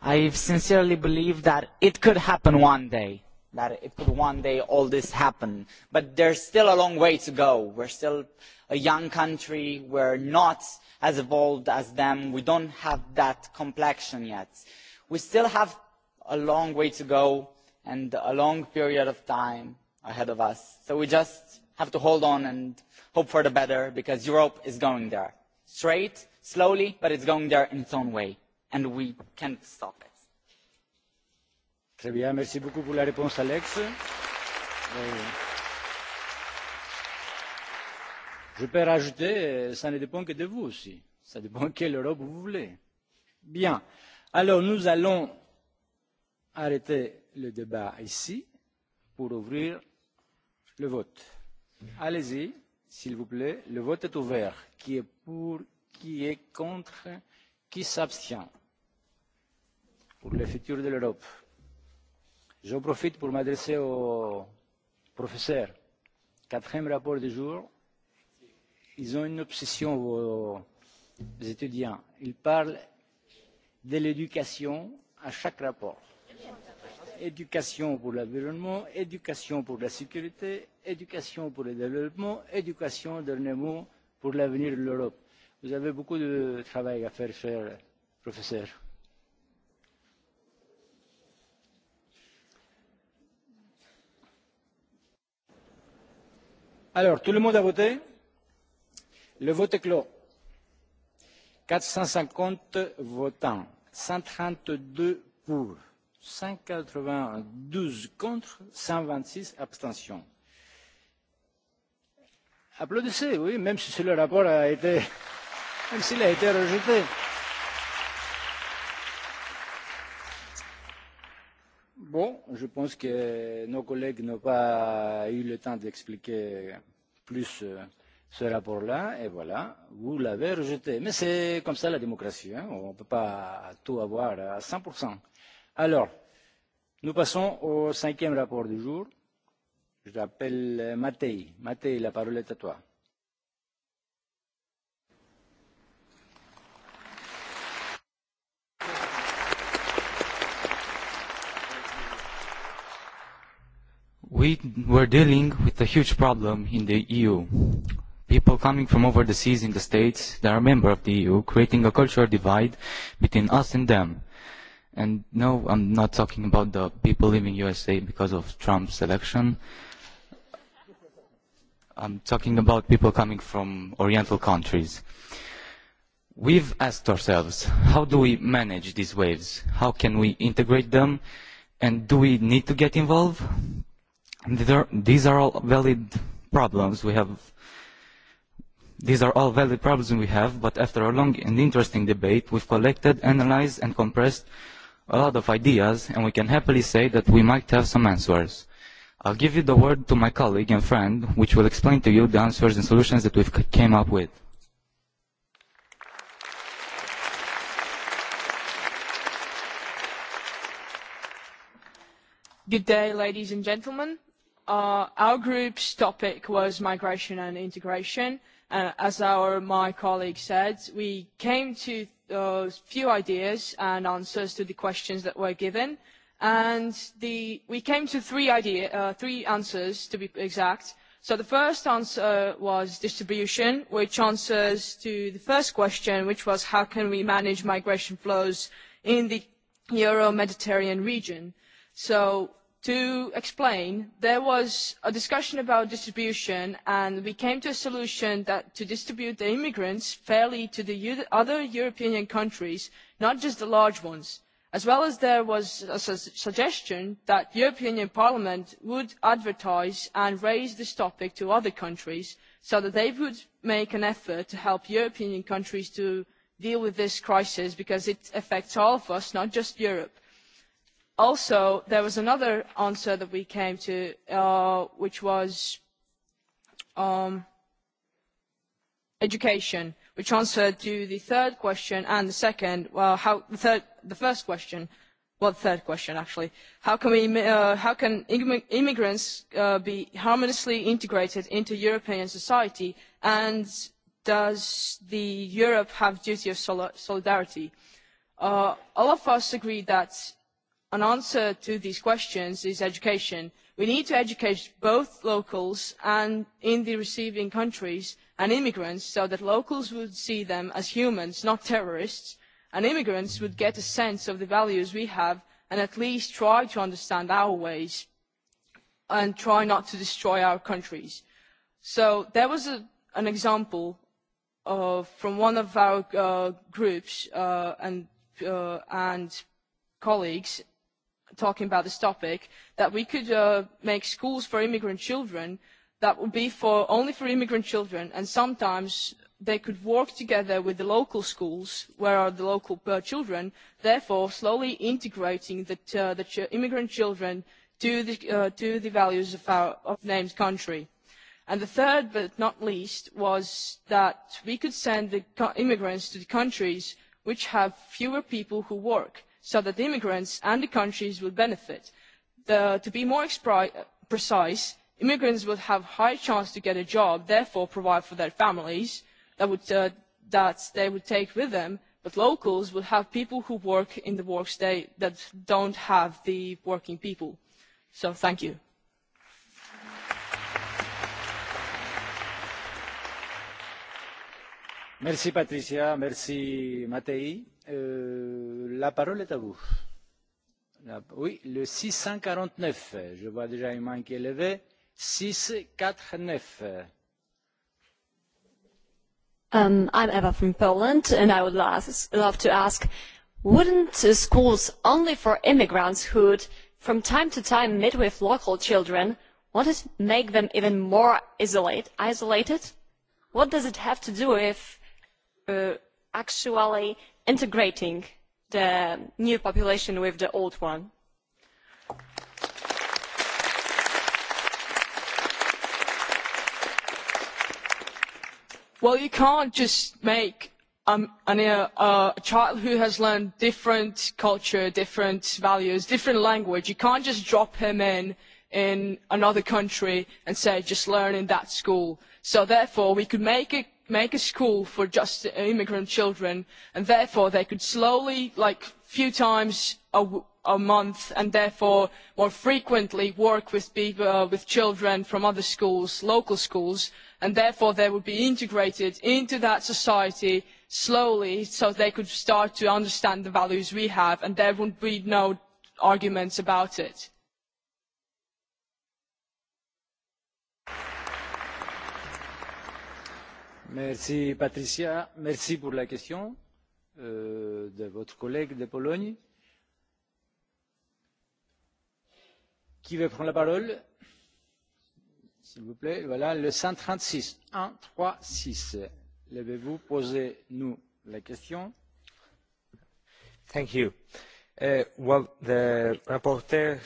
I sincerely believe that it could happen one day that it could one day all this happen. But there's still a long way to go. We're still a young country. We're not as evolved as them. We don't have that complexion yet. We still have a long way to go and a long period of time ahead of us. So we just have to hold on and hope for the better because Europe is going there. Straight, slowly, but it's going there in its own way. And we can't stop it. Très bien, merci beaucoup pour la réponse, Alex. Je peux rajouter, ça ne dépend que de vous aussi. Ça dépend quelle Europe vous voulez. Bien. Alors, nous allons arrêter le débat ici pour ouvrir le vote. Allez-y, s'il vous plaît. Le vote est ouvert. Qui est pour Qui est contre Qui s'abstient Pour le futur de l'Europe. J'en profite pour m'adresser aux professeurs. Quatrième rapport du jour. Ils ont une obsession, aux étudiants. Ils parlent de l'éducation à chaque rapport. Éducation pour l'environnement, éducation pour la sécurité, éducation pour le développement, éducation, dernier mot, pour l'avenir de l'Europe. Vous avez beaucoup de travail à faire, cher professeurs. Alors, tout le monde a voté Le vote est clos. 450 votants, 132 pour, 192 contre, 126 abstentions. Applaudissez, oui, même si le rapport a été, même s'il a été rejeté. Bon, je pense que nos collègues n'ont pas eu le temps d'expliquer plus ce rapport-là, et voilà, vous l'avez rejeté. Mais c'est comme ça la démocratie, on ne peut pas tout avoir à 100%. Alors, nous passons au cinquième rapport du jour. Je l'appelle Matei. Matei, la parole est à toi. We were dealing with a huge problem in the EU. People coming from over the seas in the States that are member of the EU, creating a cultural divide between us and them. And no, I'm not talking about the people leaving USA because of Trump's election. I'm talking about people coming from Oriental countries. We've asked ourselves, how do we manage these waves? How can we integrate them? And do we need to get involved? These are all valid problems we have. These are all valid problems we have, but after a long and interesting debate, we've collected, analyzed, and compressed a lot of ideas, and we can happily say that we might have some answers. I'll give you the word to my colleague and friend, which will explain to you the answers and solutions that we've came up with. Good day, ladies and gentlemen. Our group's topic was migration and integration. As my colleague said, we came to a few ideas and answers to the questions that were given, and we came to three three answers to be exact. So the first answer was distribution, which answers to the first question, which was how can we manage migration flows in the Euro-Mediterranean region. So to explain, there was a discussion about distribution and we came to a solution to distribute the immigrants fairly to the other European countries, not just the large ones. As well as there was a suggestion that the European Parliament would advertise and raise this topic to other countries so that they would make an effort to help European countries to deal with this crisis because it affects all of us, not just Europe Also, there was another answer that we came to, which was education, which answered to the third question and the second. Well, how the third, the first question, well, the third question actually. How can we, how can immigrants be harmoniously integrated into European society, and does the Europe have duty of solidarity? All of us agreed that an answer to these questions is education. We need to educate both locals and in the receiving countries and immigrants so that locals would see them as humans, not terrorists, and immigrants would get a sense of the values we have and at least try to understand our ways and try not to destroy our countries. So there was an example from one of our groups and colleagues talking about this topic, that we could make schools for immigrant children that would be for only for immigrant children, and sometimes they could work together with the local schools, where are the local children, therefore slowly integrating the immigrant children to the values of our named country. And the third, but not least, was that we could send the immigrants to the countries which have fewer people who work so that immigrants and the countries will benefit. To be more precise, immigrants will have a high chance to get a job, therefore provide for their families that they would take with them, but locals will have people who work in the work state that don't have the working people. So thank you. Patricia, La parole est à vous. Oui, le 649. Je vois déjà qui est 649. Um, I'm Eva from Poland, and I would love to ask, wouldn't schools only for immigrants who, from time to time, meet with local children, wouldn't it make them even more isolated? What does it have to do with actually integrating? the new population with the old one. Well, you can't just make a child who has learned different culture, different values, different language. You can't just drop him in in another country and say just learn in that school. So therefore, we could make a make a school for just immigrant children and therefore they could slowly like few times a month and therefore more frequently work with with children from other schools local schools and therefore they would be integrated into that society slowly so they could start to understand the values we have and there would be no arguments about it Merci Patricia, merci pour la question de votre collègue de Pologne. Qui veut prendre la parole S'il vous plaît, voilà le 136, 6 Levez-vous, posez-nous la question. Thank you. Well, the rapporteur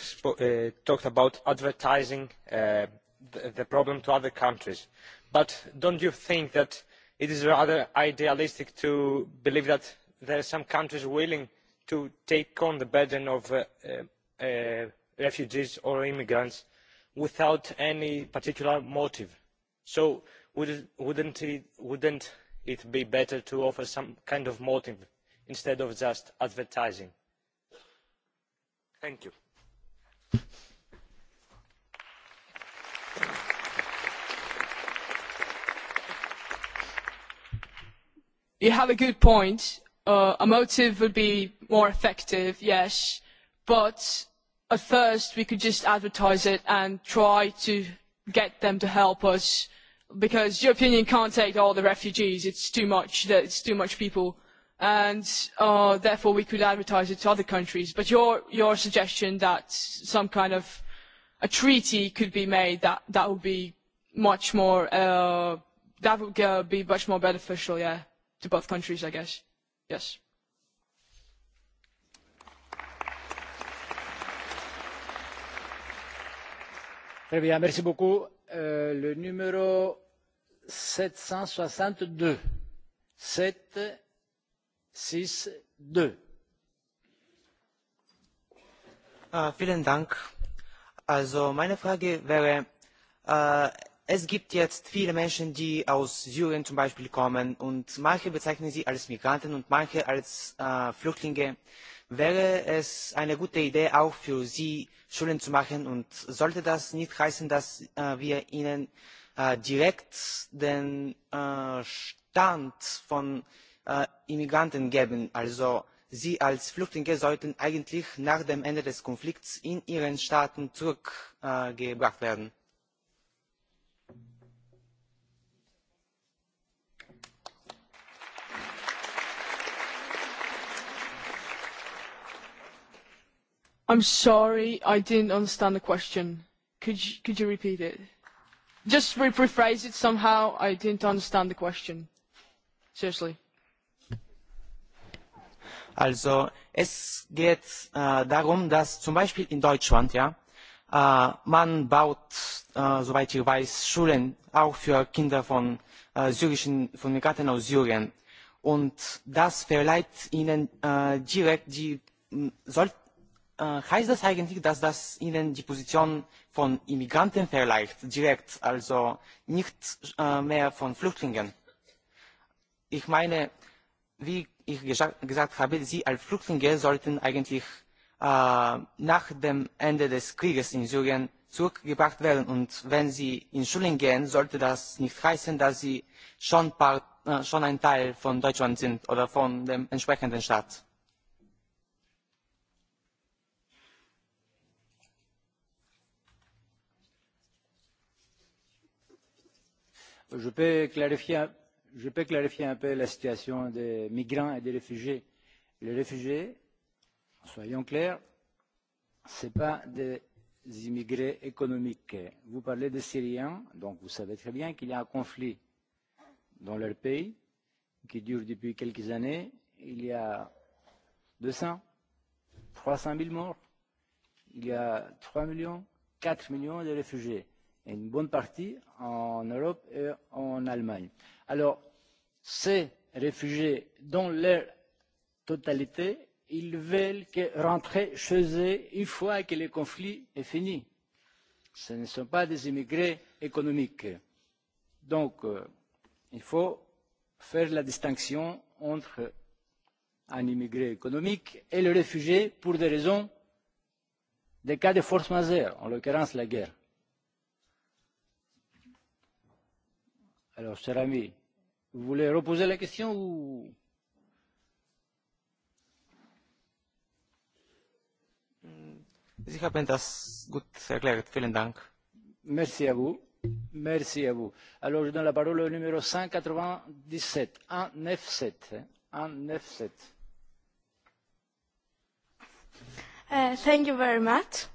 talked about advertising the problem to other countries but don't you think that it is rather idealistic to believe that there are some countries willing to take on the burden of refugees or immigrants without any particular motive? So wouldn't it be better to offer some kind of motive instead of just advertising? you have a good point. A motive would be more effective, yes, but at first we could just advertise it and try to get them to help us, because European Union can't take all the refugees. It's too much. It's too much people, and therefore we could advertise it to other countries. But your your suggestion that some kind of a treaty could be made that that would be much more that would be much more beneficial, yeah to both countries, I guess. Yes. Très bien, merci beaucoup. Le numéro 762. 7, 6, 2. Vielen Dank. Also meine Frage wäre, Es gibt jetzt viele Menschen, die aus Syrien zum Beispiel kommen und manche bezeichnen sie als Migranten und manche als Flüchtlinge. Wäre es eine gute Idee, auch für sie Schulen zu machen und sollte das nicht heißen, dass wir ihnen direkt den Stand von Immigranten geben? Also sie als Flüchtlinge sollten eigentlich nach dem Ende des Konflikts in ihren Staaten zurückgebracht werden. I'm sorry, I didn't understand the question. Could you, could you repeat it? Just rephrase it somehow. I didn't understand the question. Seriously. Also, es geht darum, dass zum Beispiel in Deutschland, ja, man baut, soweit ich weiß, Schulen auch für Kinder von syrischen, von Migranten aus Syrien. Und das verleiht ihnen direkt die, heißt das eigentlich, dass das Ihnen die Position von Immigranten verleiht, direkt, also nicht mehr von Flüchtlingen? Ich meine, wie ich gesagt habe, Sie als Flüchtlinge sollten eigentlich nach dem Ende des Krieges in Syrien zurückgebracht werden. Und wenn Sie in Schulen gehen, sollte das nicht heißen, dass Sie schon ein Teil von Deutschland sind oder von dem entsprechenden Staat. Je peux clarifier un peu la situation des migrants et des réfugiés. Les réfugiés, soyons clairs, ce ne sont pas des immigrés économiques. Vous parlez des Syriens, donc vous savez très bien qu'il y a un conflit dans leur pays qui dure depuis quelques années. Il y a 200, 300 000 morts, il y a 3 millions, 4 millions de réfugiés une bonne partie en Europe et en Allemagne. Alors, ces réfugiés, dans leur totalité, ils veulent rentrer chez eux une fois que le conflit est fini. Ce ne sont pas des immigrés économiques. Donc, il faut faire la distinction entre un immigré économique et le réfugié pour des raisons des cas de force majeure, en l'occurrence la guerre. Alors, cher ami, vous voulez reposer la question ou... Sie haben das gut erklärt. Vielen Dank. Merci à vous. Merci à vous. Alors, je donne la parole au numéro 197. 197. 197. Uh, thank you very much.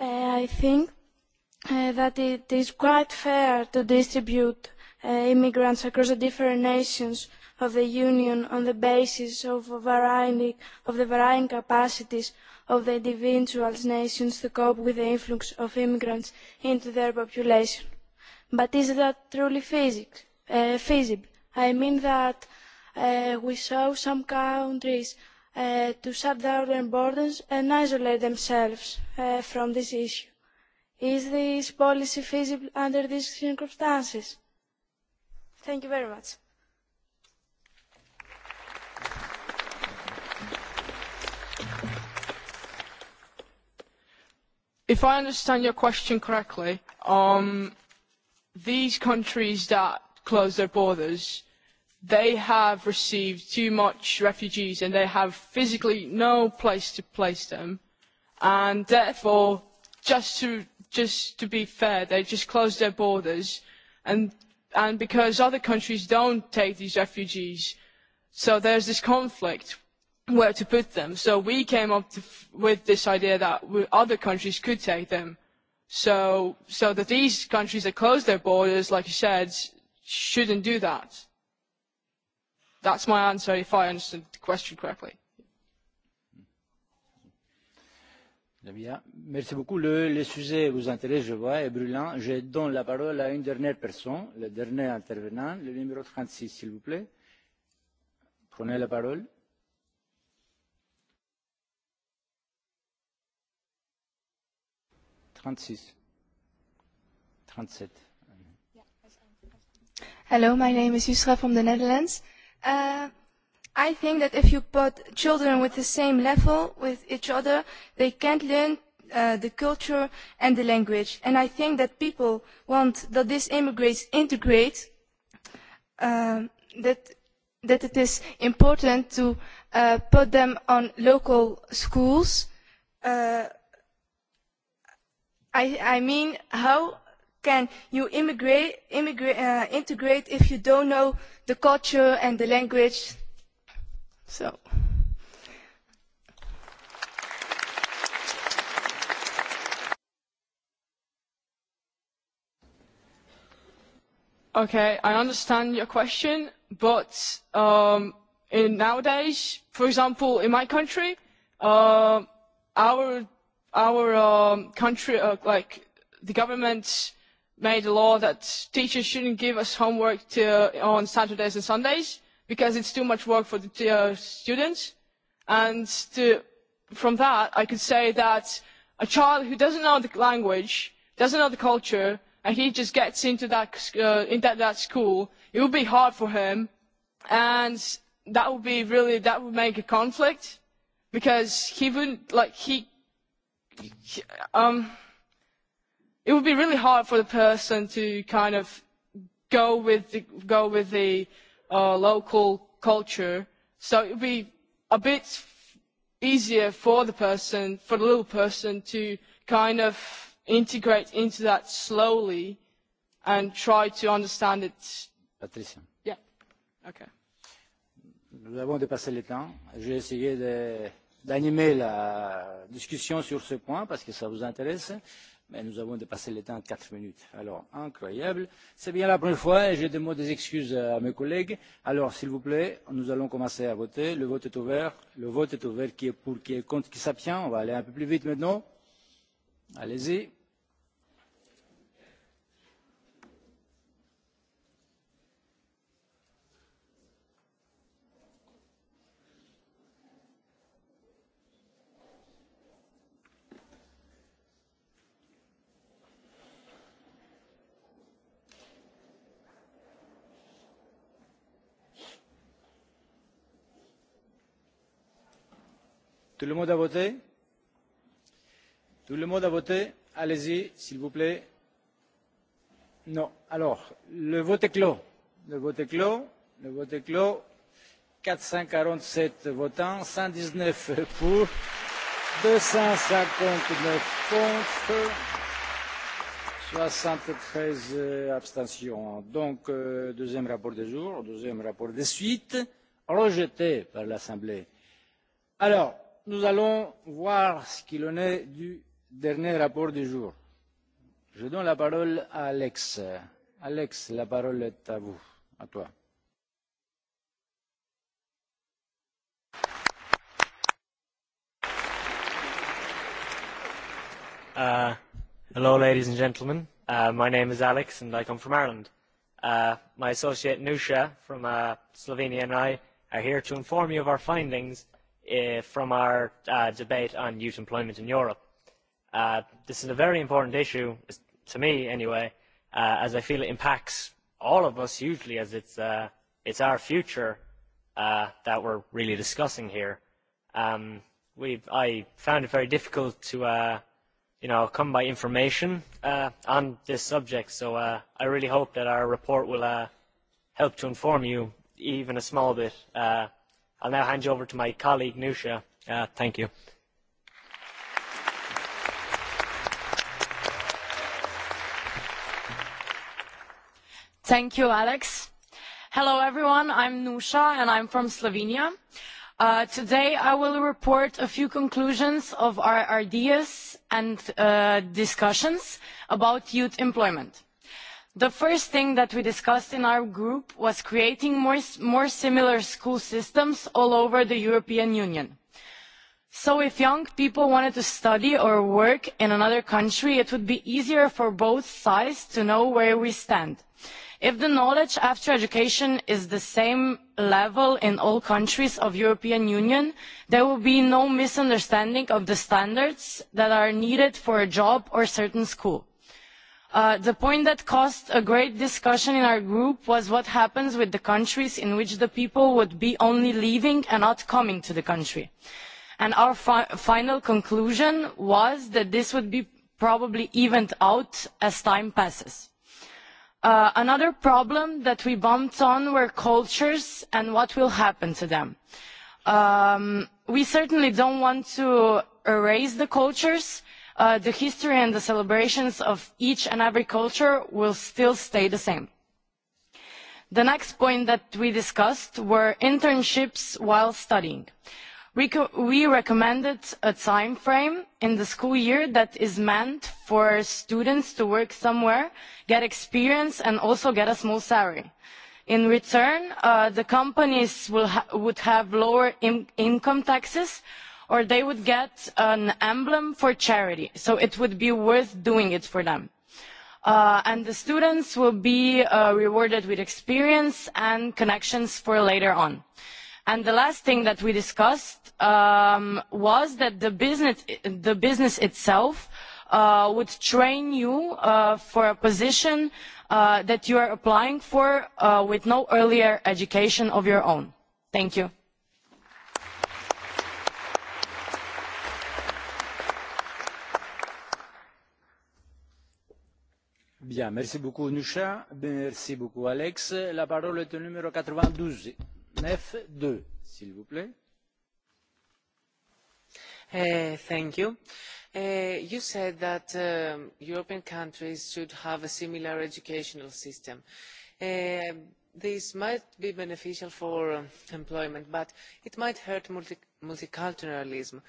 Uh, I think uh, that it is quite fair to distribute immigrants across the different nations of the Union on the basis of the varying capacities of the individual nations to cope with the influx of immigrants into their population. But is that truly feasible? I mean that we saw some countries to shut down their borders and isolate themselves from this issue. Is this policy feasible under these circumstances? Thank you very much. If I understand your question correctly, these countries that close their borders, they have received too much refugees and they have physically no place to place them. And therefore, just to be fair, they just close their borders and and because other countries don't take these refugees. So there's this conflict where to put them. So we came up with this idea that other countries could take them. So that these countries that close their borders, like you said, shouldn't do that. That's my answer if I understood the question correctly. Bien. Merci beaucoup. Le, le sujet vous intéresse, je vois, est brûlant. Je donne la parole à une dernière personne, le dernier intervenant, le numéro 36, s'il vous plaît. Prenez la parole. Hello, my name is Yusra from the Netherlands. Uh, I think that if you put children with the same level with each other, they can't learn the culture and the language. And I think that people want that these immigrants integrate, that that it is important to put them on local schools. I mean, how can you immigrate integrate if you don't know the culture and the language? So. Okay, I understand your question, but um, in nowadays, for example, in my country, uh, our our um, country, uh, like the government made a law that teachers shouldn't give us homework to, on Saturdays and Sundays because it's too much work for the students. And from that, I could say that a child who doesn't know the language, doesn't know the culture, and he just gets into that school, it would be hard for him, and that would be really that would make a conflict, because he wouldn't like he, um, it would be really hard for the person to kind of go with the, go with the local culture. So it would be a bit easier for the person, for the little person, to kind of integrate into that slowly and try to understand it. Patricia. Yeah. Okay. Nous avons dépassé le temps. J'ai essayé d'animer la discussion sur ce point parce que ça vous intéresse mais nous avons dépassé le temps de 4 minutes. Alors, incroyable. C'est bien la première fois et je demande des excuses à mes collègues. Alors, s'il vous plaît, nous allons commencer à voter. Le vote est ouvert. Le vote est ouvert. Qui est pour, qui est contre, qui s'abstient On va aller un peu plus vite maintenant. Allez-y. Tout le monde a voté Tout le monde a voté Allez-y, s'il vous plaît. Non. Alors, le vote est clos. Le vote est clos. Le vote est clos. 447 votants, 119 pour, 259 contre, 73 abstentions. Donc, deuxième rapport des jour, deuxième rapport de suite rejeté par l'Assemblée. Alors, nous allons voir ce qu'il en est du dernier rapport du jour. Je donne la parole à Alex. Alex, la parole est à vous, à toi. Uh, hello, ladies and gentlemen. Uh, my name is Alex, and I come from Ireland. Uh, my associate Nusha from uh, Slovenia and I are here to inform you of our findings from our debate on youth employment in Europe. This is a very important issue, to me anyway, as I feel it impacts all of us hugely, as it's our future that we're really discussing here. I found it very difficult to you know, come by information on this subject, so I really hope that our report will help to inform you even a small bit I'll now hand you over to my colleague Nusha. Thank you. Thank you, Alex. Hello, everyone. I'm Nusha, and I'm from Slovenia. Today, I will report a few conclusions of our ideas and discussions about youth employment. The first thing that we discussed in our group was creating more similar school systems all over the European Union. So if young people wanted to study or work in another country, it would be easier for both sides to know where we stand. If the knowledge after education is the same level in all countries of the European Union, there will be no misunderstanding of the standards that are needed for a job or certain school. The point that caused a great discussion in our group was what happens with the countries in which the people would be only leaving and not coming to the country. And our final conclusion was that this would be probably evened out as time passes. Another problem that we bumped on were cultures and what will happen to them. We certainly don't want to erase the cultures the history and the celebrations of each and every culture will still stay the same. The next point that we discussed were internships while studying. We recommended a time frame in the school year that is meant for students to work somewhere, get experience and also get a small salary. In return, the companies would have lower income taxes or they would get an emblem for charity. So it would be worth doing it for them. And the students will be rewarded with experience and connections for later on. And the last thing that we discussed was that the business itself would train you for a position that you are applying for with no earlier education of your own. Thank you. Bien, merci beaucoup Nusha, merci beaucoup Alex. La parole est au numéro 92, 9, 2, s'il vous plaît. Thank you. You said that European countries should have a similar educational system. This might be beneficial for employment, but it might hurt multiculturalism,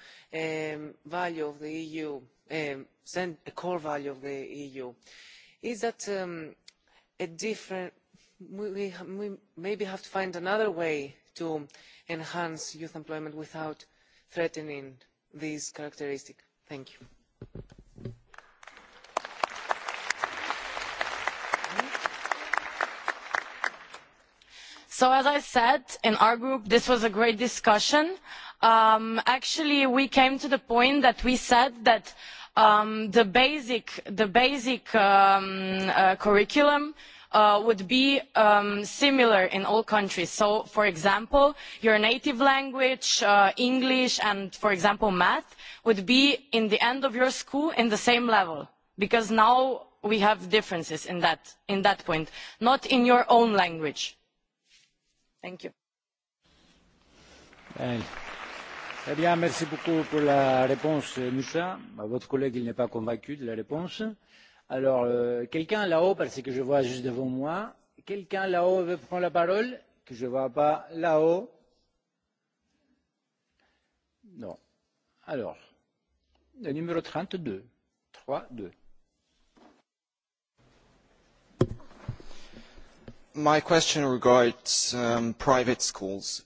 value of the EU, a core value of the EU is that a different we maybe have to find another way to enhance youth employment without threatening these characteristics. Thank you. So as I said, in our group, this was a great discussion. Actually, we came to the point that we said that the basic the basic curriculum would be similar in all countries so for example your native language english and for example math would be in the end of your school in the same level because now we have differences in that in that point not in your own language thank you Eh bien, merci beaucoup pour la réponse, Moussa. Votre collègue, il n'est pas convaincu de la réponse. Alors, quelqu'un là-haut, parce que je vois juste devant moi, quelqu'un là-haut veut prendre la parole, que je ne vois pas là-haut. Non. Alors, le numéro 32. 3, 2. My question regards private schools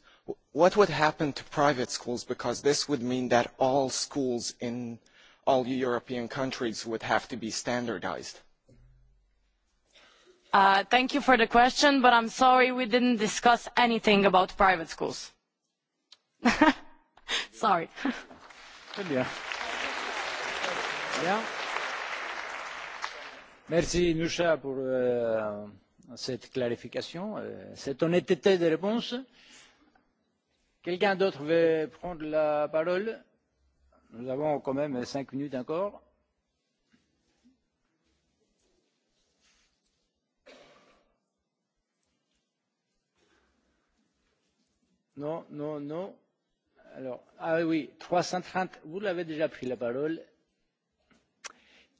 what would happen to private schools because this would mean that all schools in all european countries would have to be standardised. thank you for the question but i'm sorry we didn't discuss anything about private schools sorry merci Nusha pour cette clarification cette honnêteté de réponse Quelqu'un d'autre veut prendre la parole Nous avons quand même cinq minutes encore. Non, non, non. Alors, ah oui, 330, vous l'avez déjà pris la parole.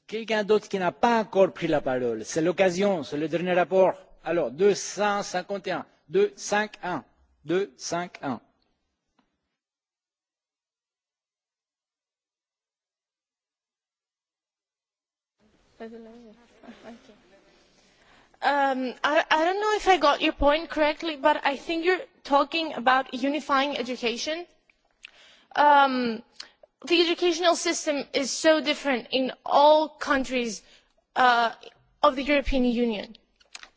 Quelqu'un d'autre qui n'a pas encore pris la parole C'est l'occasion, c'est le dernier rapport. Alors, 251, 251, 251. I don't know if I got your point correctly, but I think you're talking about unifying education. The educational system is so different in all countries of the European Union.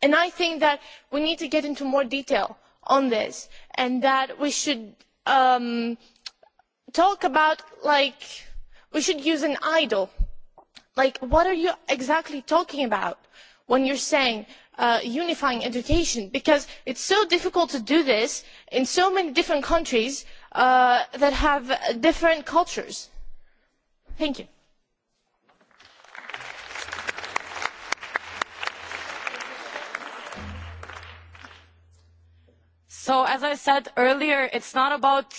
And I think that we need to get into more detail on this and that we should talk about, like, we should use an idol Like, what are you exactly talking about when you're saying unifying education? Because it's so difficult to do this in so many different countries that have different cultures. Thank you. So, as I said earlier, it's not about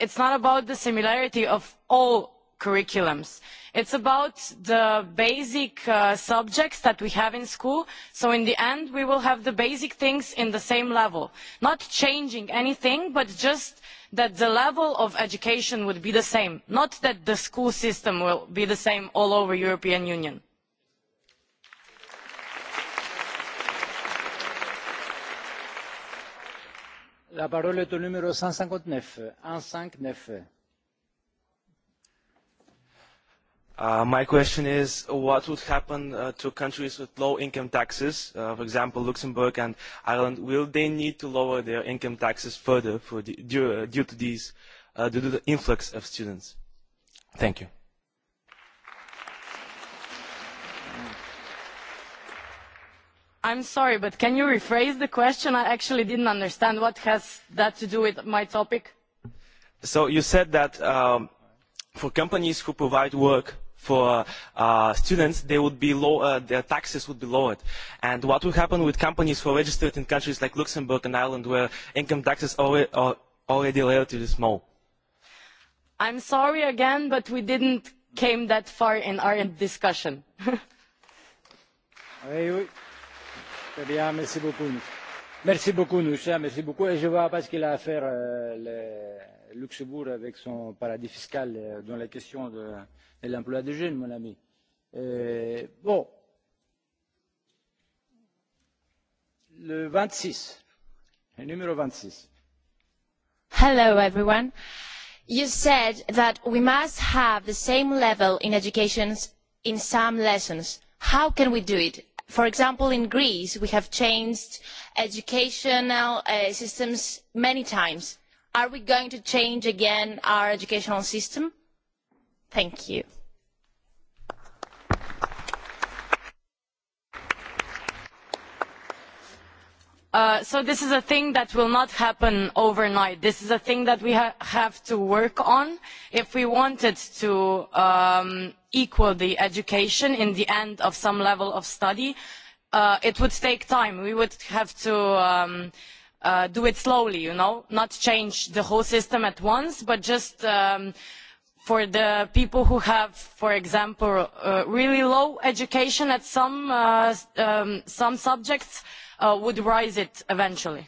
it's not about the similarity of all curriculums. It's about the basic subjects that we have in school, so in the end we will have the basic things in the same level. Not changing anything, but just that the level of education would be the same. Not that the school system will be the same all over the European Union. La parole est au numéro 159. 159. My question is, what would happen to countries with low income taxes, for example, Luxembourg and Ireland? Will they need to lower their income taxes further due to these, the influx of students? Thank you. I'm sorry, but can you rephrase the question? I actually didn't understand what has that to do with my topic. So you said that for companies who provide work for students, they would be low, their taxes would be lowered. And what will happen with companies who are registered in countries like Luxembourg and Ireland, where income taxes are already relatively small? I'm sorry again, but we didn't came that far in our discussion. merci beaucoup. Nusha, merci beaucoup. Et je vois parce qu'il a euh, Luxembourg avec son paradis fiscal dans la question de l'emploi des jeunes, mon ami. Bon. Le 26. Le numéro 26. Hello, everyone. You said that we must have the same level in education in some lessons. How can we do it? For example, in Greece, we have changed educational systems many times. Are we going to change again our educational system? Thank you. So this is a thing that will not happen overnight. This is a thing that we have to work on if we wanted to equal the education in the end of some level of study. It would take time. We would have to do it slowly, you know, not change the whole system at once, but just for the people who have, for example, really low education at some subjects, would rise it eventually.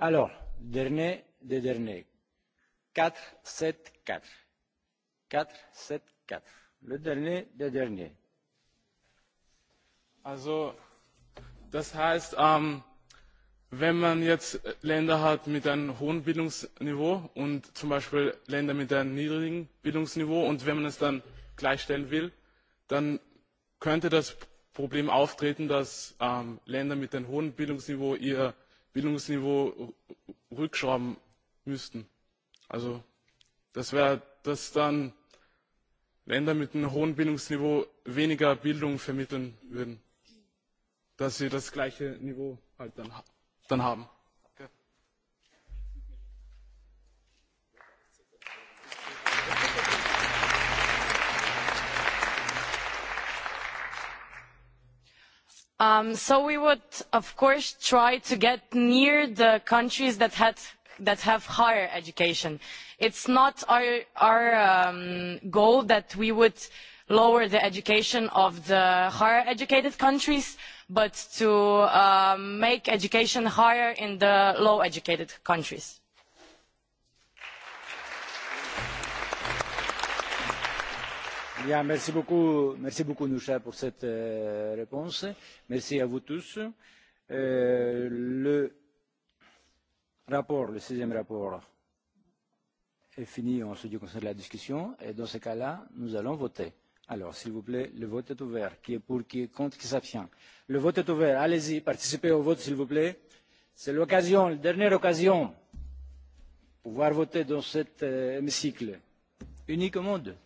Alors, dernier des derniers 4, 7, Le dernier Also, das heißt, wenn man jetzt Länder hat mit einem hohen Bildungsniveau und zum Beispiel Länder mit einem niedrigen Bildungsniveau und wenn man es dann gleichstellen will, dann könnte das Problem auftreten, dass Länder mit einem hohen Bildungsniveau ihr Bildungsniveau rückschrauben müssten. Also das wäre, dass dann Länder mit einem hohen Bildungsniveau weniger Bildung vermitteln würden. Dass sie das gleiche Niveau halt dann, dann haben. So we would, of course, try to get near the countries that had that have higher education. It's not our goal that we would lower the education of the higher educated countries, but to make education higher in the low educated countries. Merci beaucoup, pour cette réponse. Merci à vous tous. Le rapport, le sixième rapport, est fini en ce qui concerne la discussion. Et dans ce cas-là, nous allons voter. Alors, s'il vous plaît, le vote est ouvert. Qui est pour, qui est contre, qui s'abstient Le vote est ouvert. Allez-y, participez au vote, s'il vous plaît. C'est l'occasion, la dernière occasion, de pouvoir voter dans cet hémicycle. Unique au monde.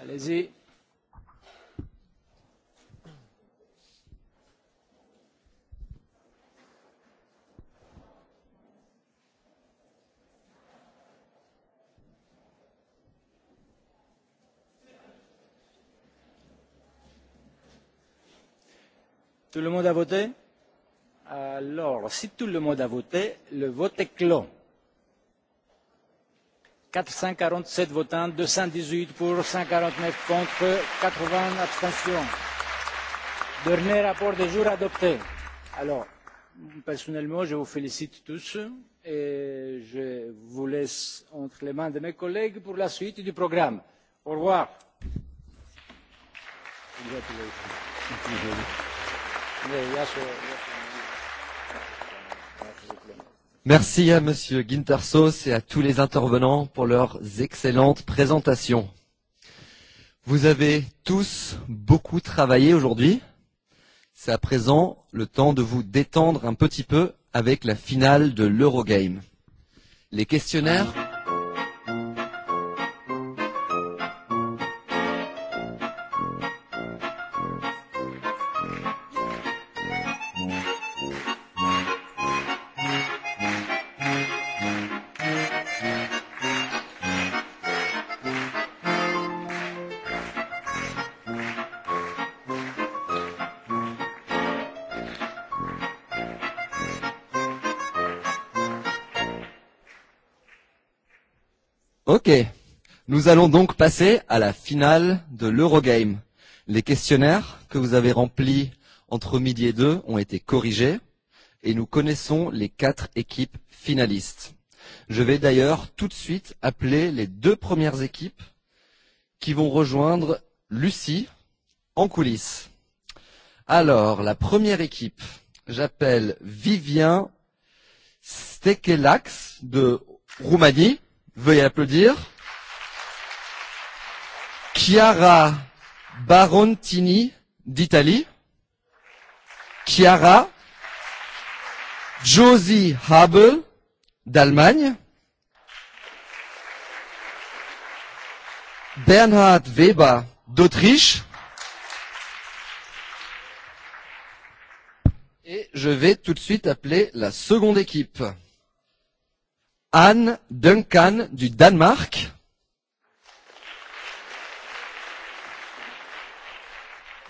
Allez-y. Tout le monde a voté Alors, si tout le monde a voté, le vote est clos. 447 votants, 218 pour, 149 contre, 80 abstentions. Dernier rapport des jours adopté. Alors, personnellement, je vous félicite tous et je vous laisse entre les mains de mes collègues pour la suite du programme. Au revoir. Merci à Monsieur Guintarsos et à tous les intervenants pour leurs excellentes présentations. Vous avez tous beaucoup travaillé aujourd'hui. C'est à présent le temps de vous détendre un petit peu avec la finale de l'Eurogame. Les questionnaires Nous allons donc passer à la finale de l'Eurogame. Les questionnaires que vous avez remplis entre midi et deux ont été corrigés et nous connaissons les quatre équipes finalistes. Je vais d'ailleurs tout de suite appeler les deux premières équipes qui vont rejoindre Lucie en coulisses. Alors, la première équipe, j'appelle Vivien Stekelax de Roumanie. Veuillez applaudir. Chiara Barontini d'Italie, Chiara Josie Habel d'Allemagne, Bernhard Weber d'Autriche, et je vais tout de suite appeler la seconde équipe. Anne Duncan du Danemark.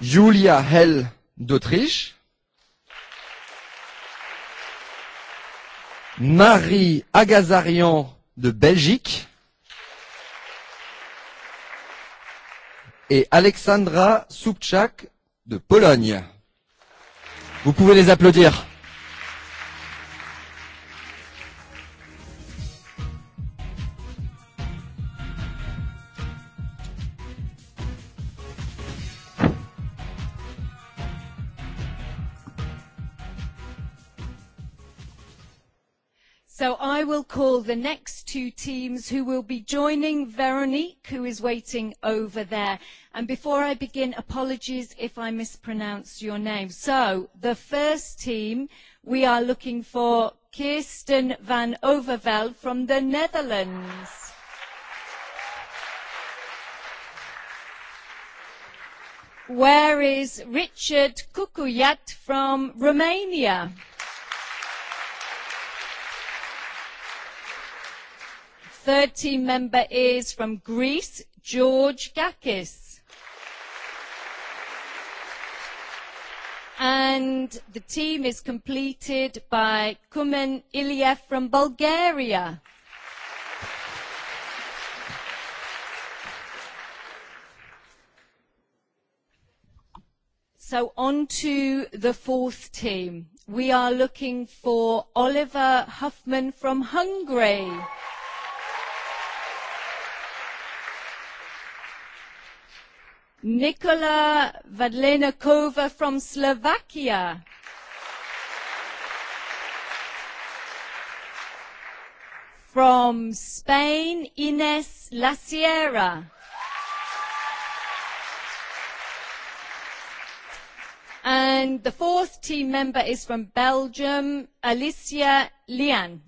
Julia Hell d'Autriche, Marie Agazarian de Belgique et Alexandra Subchak de Pologne. Vous pouvez les applaudir. the next two teams who will be joining Veronique, who is waiting over there. And before I begin, apologies if I mispronounce your name. So, the first team, we are looking for Kirsten van Overveld from the Netherlands. Where is Richard Kukuyat from Romania? third team member is from Greece, George Gakis. And the team is completed by Kumen Iliev from Bulgaria. So on to the fourth team. We are looking for Oliver Huffman from Hungary. Nikola Vadlenakova from Slovakia. From Spain, Ines La Sierra. And the fourth team member is from Belgium, Alicia Lian.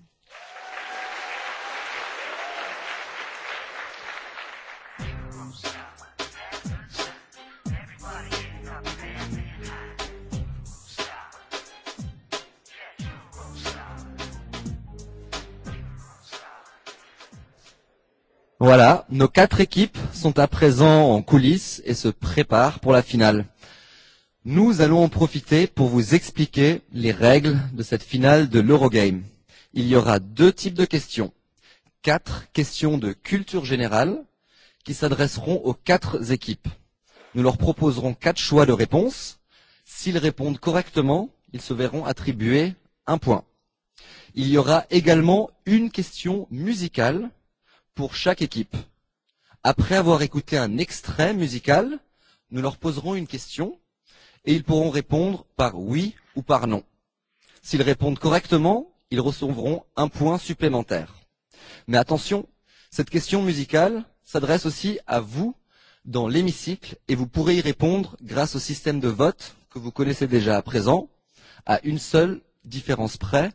Voilà, nos quatre équipes sont à présent en coulisses et se préparent pour la finale. Nous allons en profiter pour vous expliquer les règles de cette finale de l'Eurogame. Il y aura deux types de questions. Quatre questions de culture générale qui s'adresseront aux quatre équipes. Nous leur proposerons quatre choix de réponses. S'ils répondent correctement, ils se verront attribuer un point. Il y aura également une question musicale pour chaque équipe. Après avoir écouté un extrait musical, nous leur poserons une question et ils pourront répondre par oui ou par non. S'ils répondent correctement, ils recevront un point supplémentaire. Mais attention, cette question musicale s'adresse aussi à vous dans l'hémicycle et vous pourrez y répondre grâce au système de vote que vous connaissez déjà à présent, à une seule différence près.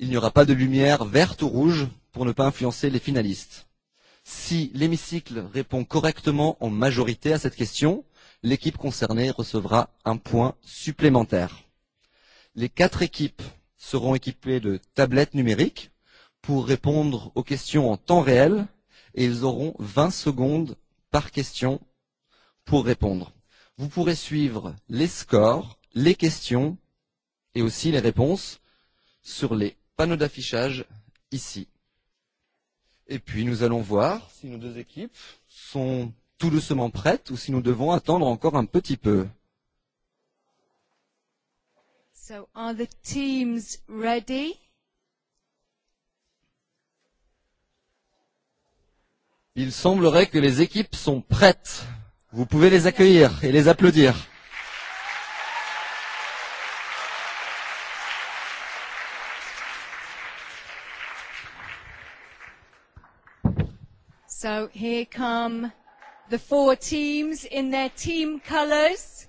Il n'y aura pas de lumière verte ou rouge pour ne pas influencer les finalistes. Si l'hémicycle répond correctement en majorité à cette question, l'équipe concernée recevra un point supplémentaire. Les quatre équipes seront équipées de tablettes numériques pour répondre aux questions en temps réel et ils auront 20 secondes par question pour répondre. Vous pourrez suivre les scores, les questions et aussi les réponses sur les panneaux d'affichage ici. Et puis nous allons voir si nos deux équipes sont tout doucement prêtes ou si nous devons attendre encore un petit peu. So are the teams ready? Il semblerait que les équipes sont prêtes. Vous pouvez les accueillir et les applaudir. So here come the four teams in their team colours.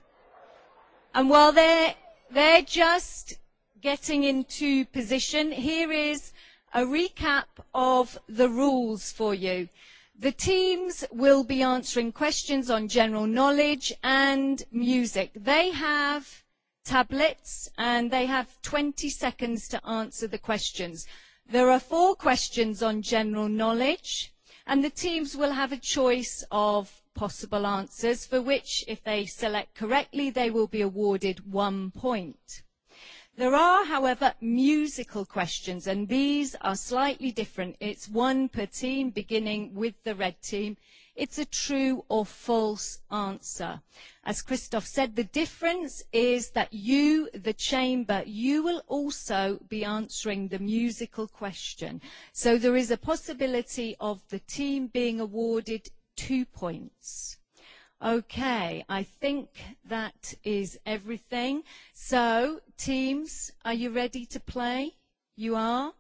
And while they're, they're just getting into position, here is a recap of the rules for you. The teams will be answering questions on general knowledge and music. They have tablets and they have 20 seconds to answer the questions. There are four questions on general knowledge and the teams will have a choice of possible answers for which, if they select correctly, they will be awarded one point. There are, however, musical questions, and these are slightly different. It's one per team, beginning with the red team It's a true or false answer. As Christoph said, the difference is that you, the chamber, you will also be answering the musical question. So there is a possibility of the team being awarded two points. Okay, I think that is everything. So, teams, are you ready to play? You are?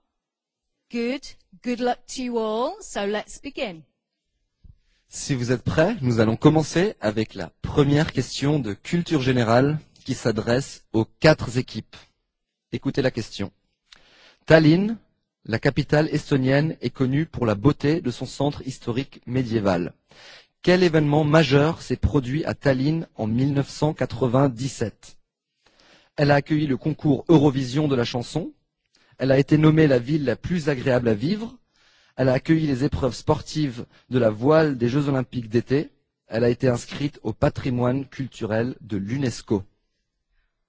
Good. Good luck to you all. So let's begin. Si vous êtes prêts, nous allons commencer avec la première question de culture générale qui s'adresse aux quatre équipes. Écoutez la question. Tallinn, la capitale estonienne, est connue pour la beauté de son centre historique médiéval. Quel événement majeur s'est produit à Tallinn en 1997 Elle a accueilli le concours Eurovision de la chanson. Elle a été nommée la ville la plus agréable à vivre Elle a accueilli les épreuves sportives de la voile des Jeux olympiques d'été. Elle a été inscrite au patrimoine culturel de l'UNESCO.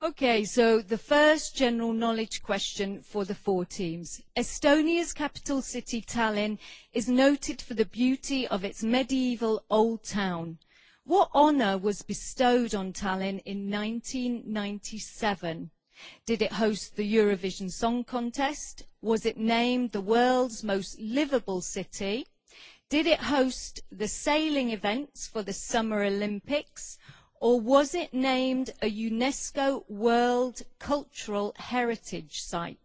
Okay, so the first general knowledge question for the four teams. Estonia's capital city Tallinn is noted for the beauty of its medieval old town. What honor was bestowed on Tallinn in 1997? Did it host the Eurovision Song Contest, Was it named the world's most livable city? Did it host the sailing events for the Summer Olympics? Or was it named a UNESCO World Cultural Heritage Site?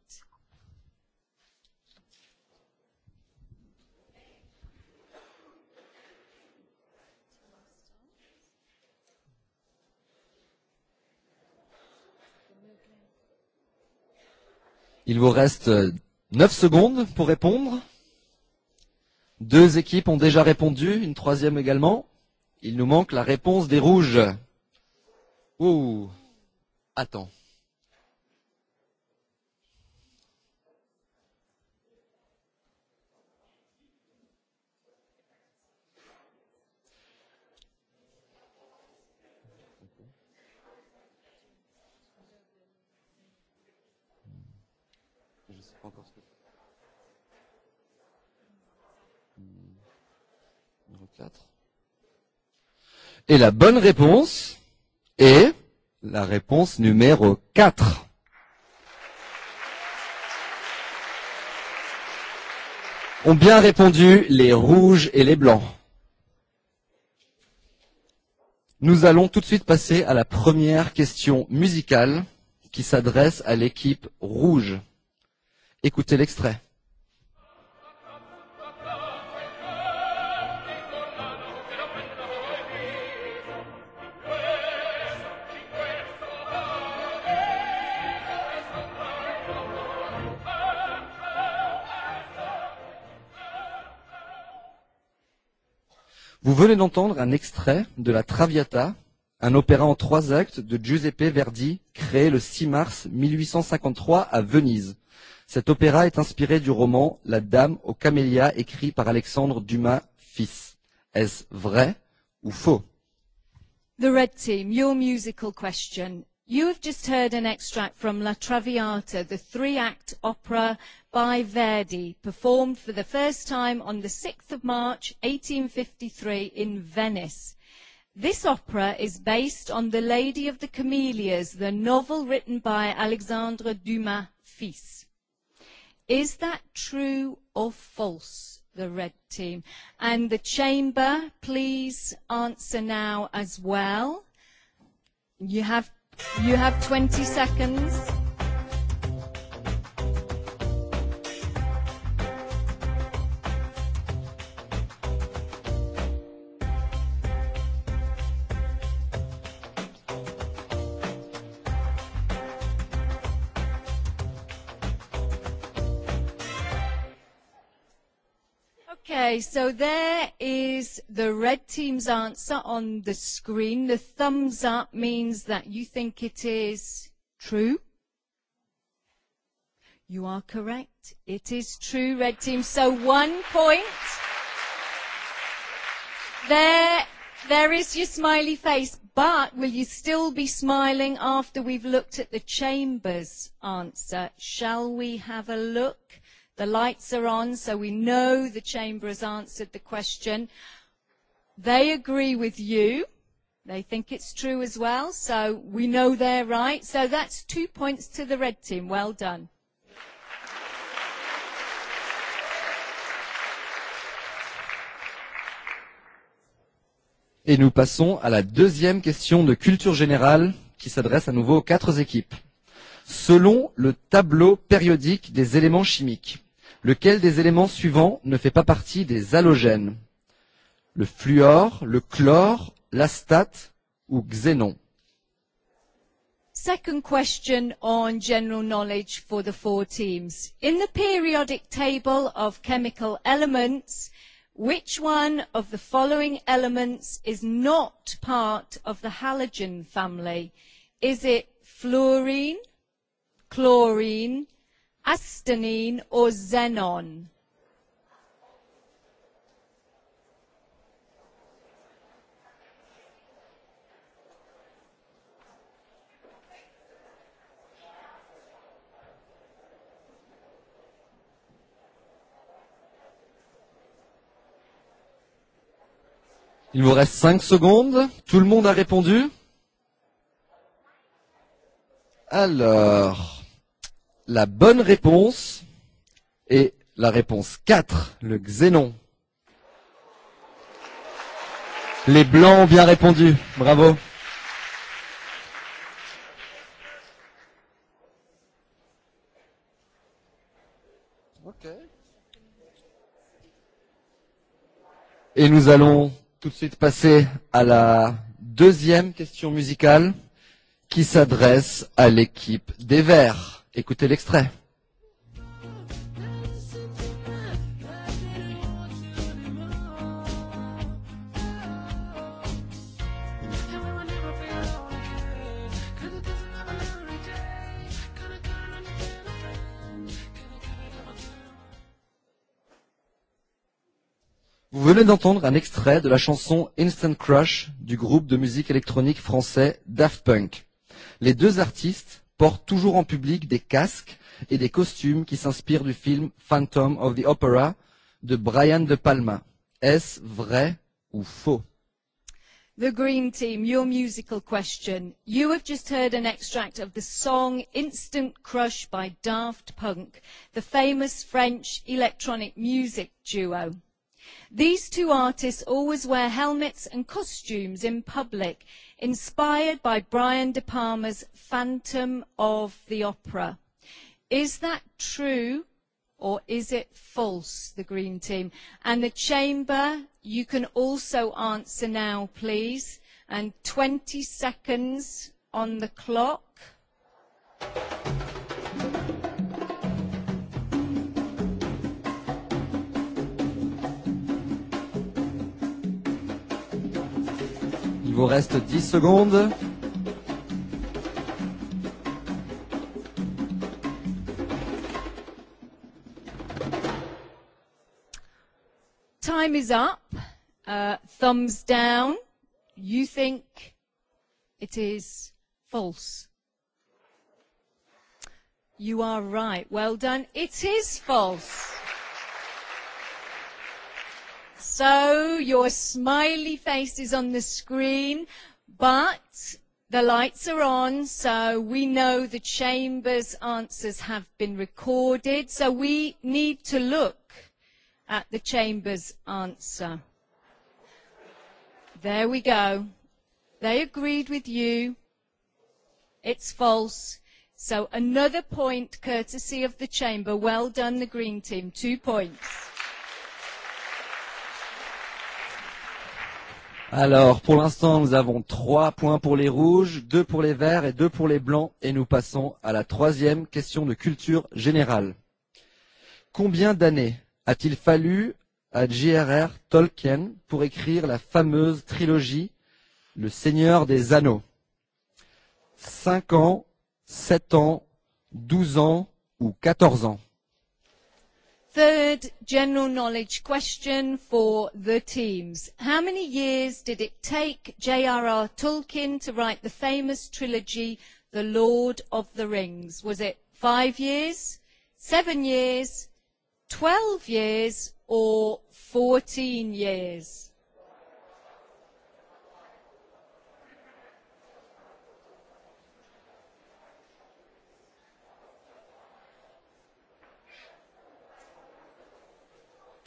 Il vous reste 9 secondes pour répondre. Deux équipes ont déjà répondu, une troisième également. Il nous manque la réponse des rouges. Ouh, attends. Et la bonne réponse est la réponse numéro 4. Ont bien répondu les rouges et les blancs. Nous allons tout de suite passer à la première question musicale qui s'adresse à l'équipe rouge. Écoutez l'extrait. Vous venez d'entendre un extrait de La Traviata, un opéra en trois actes de Giuseppe Verdi, créé le 6 mars 1853 à Venise. Cet opéra est inspiré du roman La Dame aux camélias écrit par Alexandre Dumas fils. Est-ce vrai ou faux? The Red Team, your musical question You have just heard an extract from La Traviata, the three-act opera by Verdi, performed for the first time on the 6th of March 1853 in Venice. This opera is based on The Lady of the Camellias, the novel written by Alexandre Dumas Fils. Is that true or false, the red team? And the chamber, please answer now as well. You have You have 20 seconds. Okay, so there is the red team's answer on the screen. The thumbs up means that you think it is true. You are correct. It is true, red team. So one point. There, there is your smiley face, but will you still be smiling after we've looked at the chamber's answer? Shall we have a look? The lights are on, so we know the chamber has answered the question. They agree with you. They think it's true as well, so we know they're right. So that's two points to the red team. Well done. Et nous passons à la deuxième question de culture générale qui s'adresse à nouveau aux quatre équipes selon le tableau périodique des éléments chimiques. Lequel des éléments suivants ne fait pas partie des halogènes Le fluor, le chlore, l'astate ou xénon Second question on general knowledge for the four teams. In the periodic table of chemical elements, which one of the following elements is not part of the halogen family? Is it fluorine, chlorine, astenine or xenon? Il vous reste 5 secondes. Tout le monde a répondu Alors, La bonne réponse est la réponse 4, le xénon. Les blancs ont bien répondu. Bravo. Et nous allons tout de suite passer à la deuxième question musicale qui s'adresse à l'équipe des Verts. Écoutez l'extrait. Vous venez d'entendre un extrait de la chanson Instant Crush du groupe de musique électronique français Daft Punk. Les deux artistes portent toujours en public des casques et des costumes qui s'inspirent du film Phantom of the Opera de Brian De Palma. Est-ce vrai ou faux? The Green Team, your musical question. You have just heard an extract of the song Instant Crush by Daft Punk, the famous French electronic music duo. These two artists always wear helmets and costumes in public, inspired by Brian De Palma's Phantom of the Opera. Is that true or is it false, the Green Team? And the Chamber, you can also answer now, please. And 20 seconds on the clock. Il vous reste 10 secondes. Time is up. Uh, thumbs down. You think it is false. You are right. Well done. It is false. So your smiley face is on the screen, but the lights are on, so we know the chamber's answers have been recorded. So we need to look at the chamber's answer. There we go. They agreed with you. It's false. So another point courtesy of the chamber. Well done, the green team. Two points. Alors, pour l'instant, nous avons trois points pour les rouges, deux pour les verts et deux pour les blancs. Et nous passons à la troisième question de culture générale. Combien d'années a-t-il fallu à J.R.R. Tolkien pour écrire la fameuse trilogie Le Seigneur des Anneaux 5 ans, sept ans, douze ans ou quatorze ans Third general knowledge question for the teams. How many years did it take J.R.R. Tolkien to write the famous trilogy The Lord of the Rings? Was it five years, seven years, 12 years, or 14 years?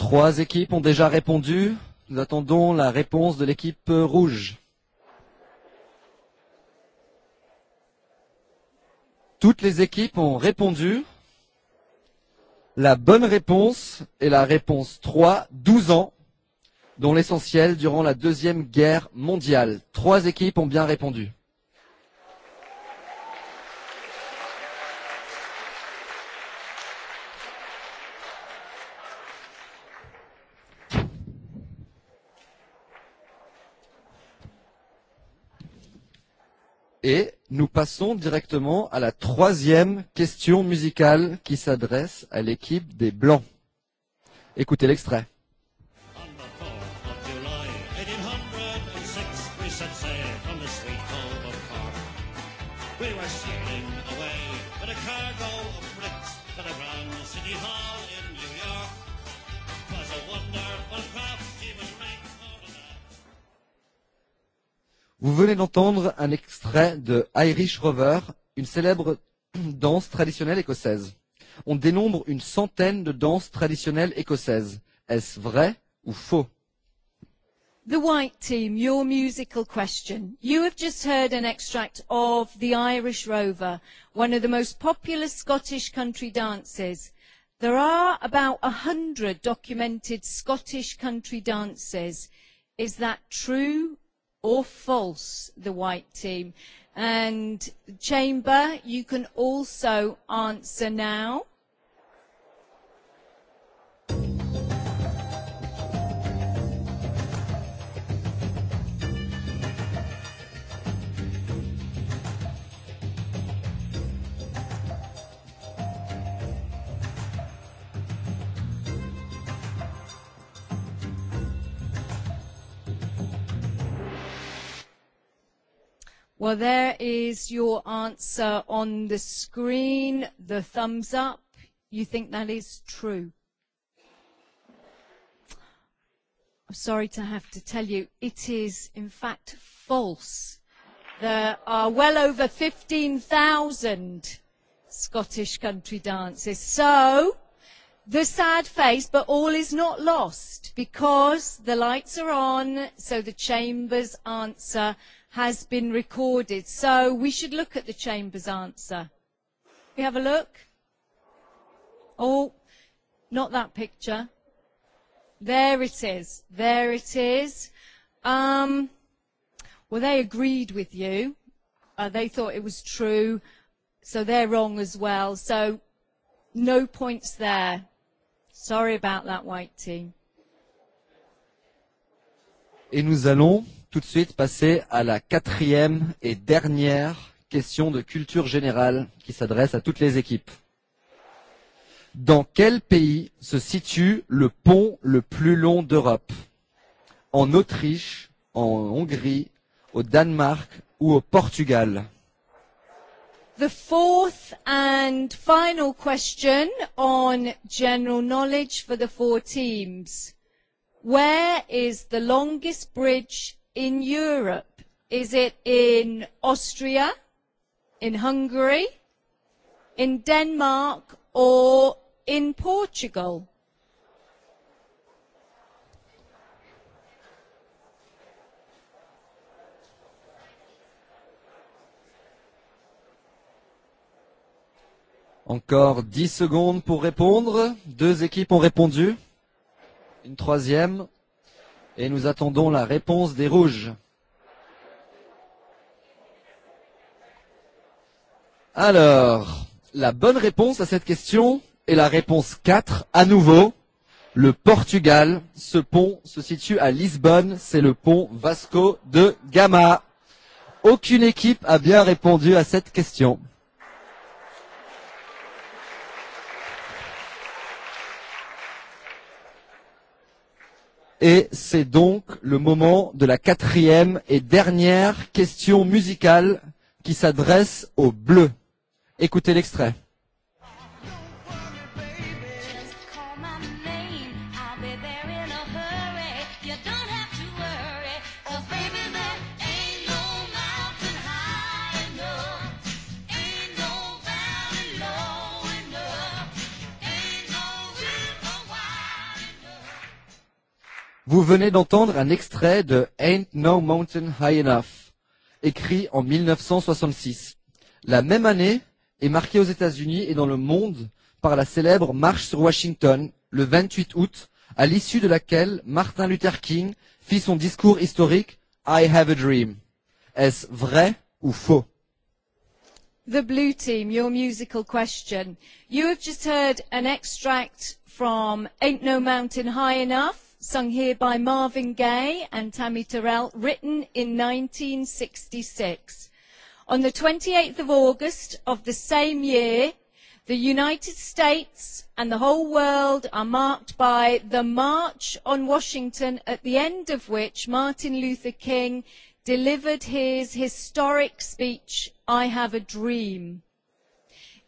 Trois équipes ont déjà répondu. Nous attendons la réponse de l'équipe rouge. Toutes les équipes ont répondu. La bonne réponse est la réponse 3, 12 ans, dont l'essentiel durant la Deuxième Guerre mondiale. Trois équipes ont bien répondu. Et nous passons directement à la troisième question musicale qui s'adresse à l'équipe des Blancs. Écoutez l'extrait. Vous venez d'entendre un extrait de Irish Rover, une célèbre danse traditionnelle écossaise. On dénombre une centaine de danses traditionnelles écossaises. Est-ce vrai ou faux? The White Team, your musical question. You have just heard an extract of The Irish Rover, one of the most popular Scottish country dances. There are about a hundred documented Scottish country dances. Is that true or false the white team. And chamber, you can also answer now. Well, there is your answer on the screen, the thumbs up. You think that is true? I'm sorry to have to tell you, it is in fact false. There are well over 15,000 Scottish country dances. So, the sad face, but all is not lost because the lights are on, so the Chamber's answer has been recorded. So we should look at the Chamber's answer. We have a look. Oh, not that picture. There it is. There it is. Um, well, they agreed with you. they thought it was true. So they're wrong as well. So no points there. Sorry about that, white team. Et nous allons tout de suite passer à la quatrième et dernière question de culture générale qui s'adresse à toutes les équipes. Dans quel pays se situe le pont le plus long d'Europe En Autriche, en Hongrie, au Danemark ou au Portugal The fourth and final question on general knowledge for the four teams. Where is the longest bridge in Europe? Is it in Austria, in Hungary, in Denmark, or in Portugal? Encore 10 secondes pour répondre. Deux équipes ont répondu. Une troisième et nous attendons la réponse des rouges. Alors, la bonne réponse à cette question est la réponse 4, à nouveau, le Portugal. Ce pont se situe à Lisbonne, c'est le pont Vasco de Gama. Aucune équipe a bien répondu à cette question. Et c'est donc le moment de la quatrième et dernière question musicale qui s'adresse aux Bleus. Écoutez l'extrait. Vous venez d'entendre un extrait de Ain't No Mountain High Enough, écrit en 1966. La même année est marquée aux États-Unis et dans le monde par la célèbre Marche sur Washington, le 28 août, à l'issue de laquelle Martin Luther King fit son discours historique I Have a Dream. Est-ce vrai ou faux The Blue Team, your musical question. You have just heard an extract from Ain't No Mountain High Enough sung here by Marvin Gaye and Tammy Terrell, written in 1966. On the 28th of August of the same year, the United States and the whole world are marked by the March on Washington, at the end of which Martin Luther King delivered his historic speech, I Have a Dream.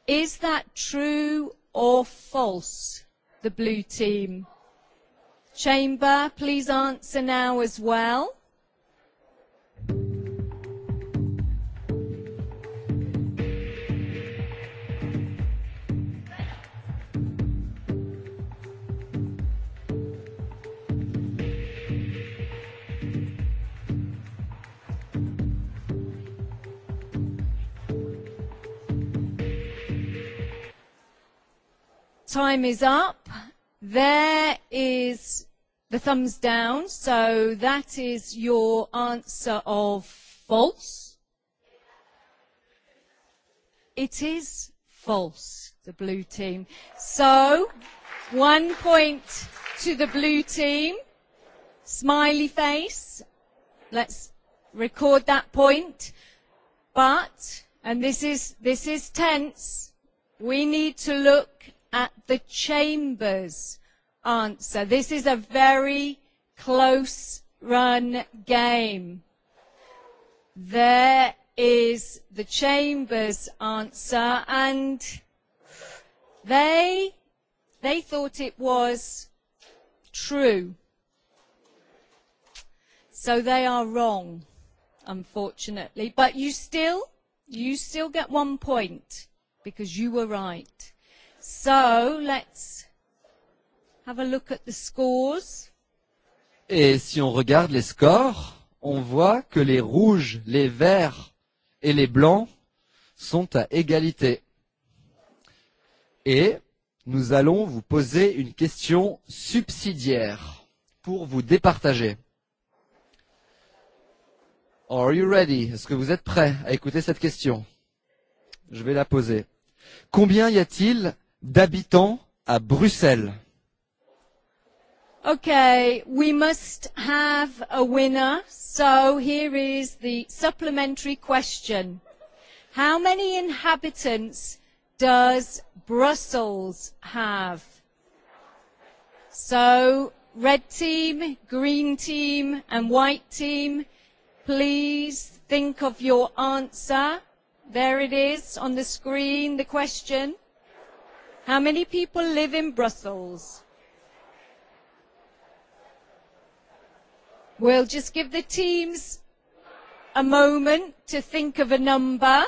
Is that true or false, the blue team? chamber. Please answer now as well. Time is up. There is the thumbs down. So that is your answer of false. It is false, the blue team. So one point to the blue team. Smiley face. Let's record that point. But, and this is, this is tense, we need to look at the chambers answer. This is a very close run game. There is the Chamber's answer and they they thought it was true. So they are wrong, unfortunately. But you still you still get one point because you were right. So let's have a look at the scores. Et si on regarde les scores, on voit que les rouges, les verts et les blancs sont à égalité. Et nous allons vous poser une question subsidiaire pour vous départager. Are you ready? Est-ce que vous êtes prêts à écouter cette question? Je vais la poser. Combien y a-t-il d'habitants à Bruxelles? Okay, we must have a winner. So here is the supplementary question. How many inhabitants does Brussels have? So red team, green team and white team, please think of your answer. There it is on the screen, the question. How many people live in Brussels? We'll just give the teams a moment to think of a number.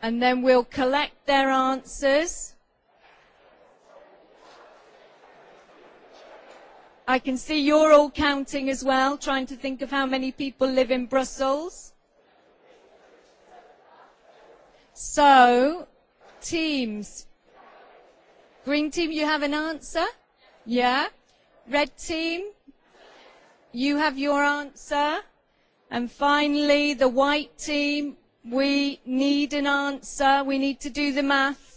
And then we'll collect their answers. I can see you're all counting as well, trying to think of how many people live in Brussels. So, teams. Green team, you have an answer? Yeah? Red team, you have your answer. And finally, the white team, we need an answer. We need to do the math.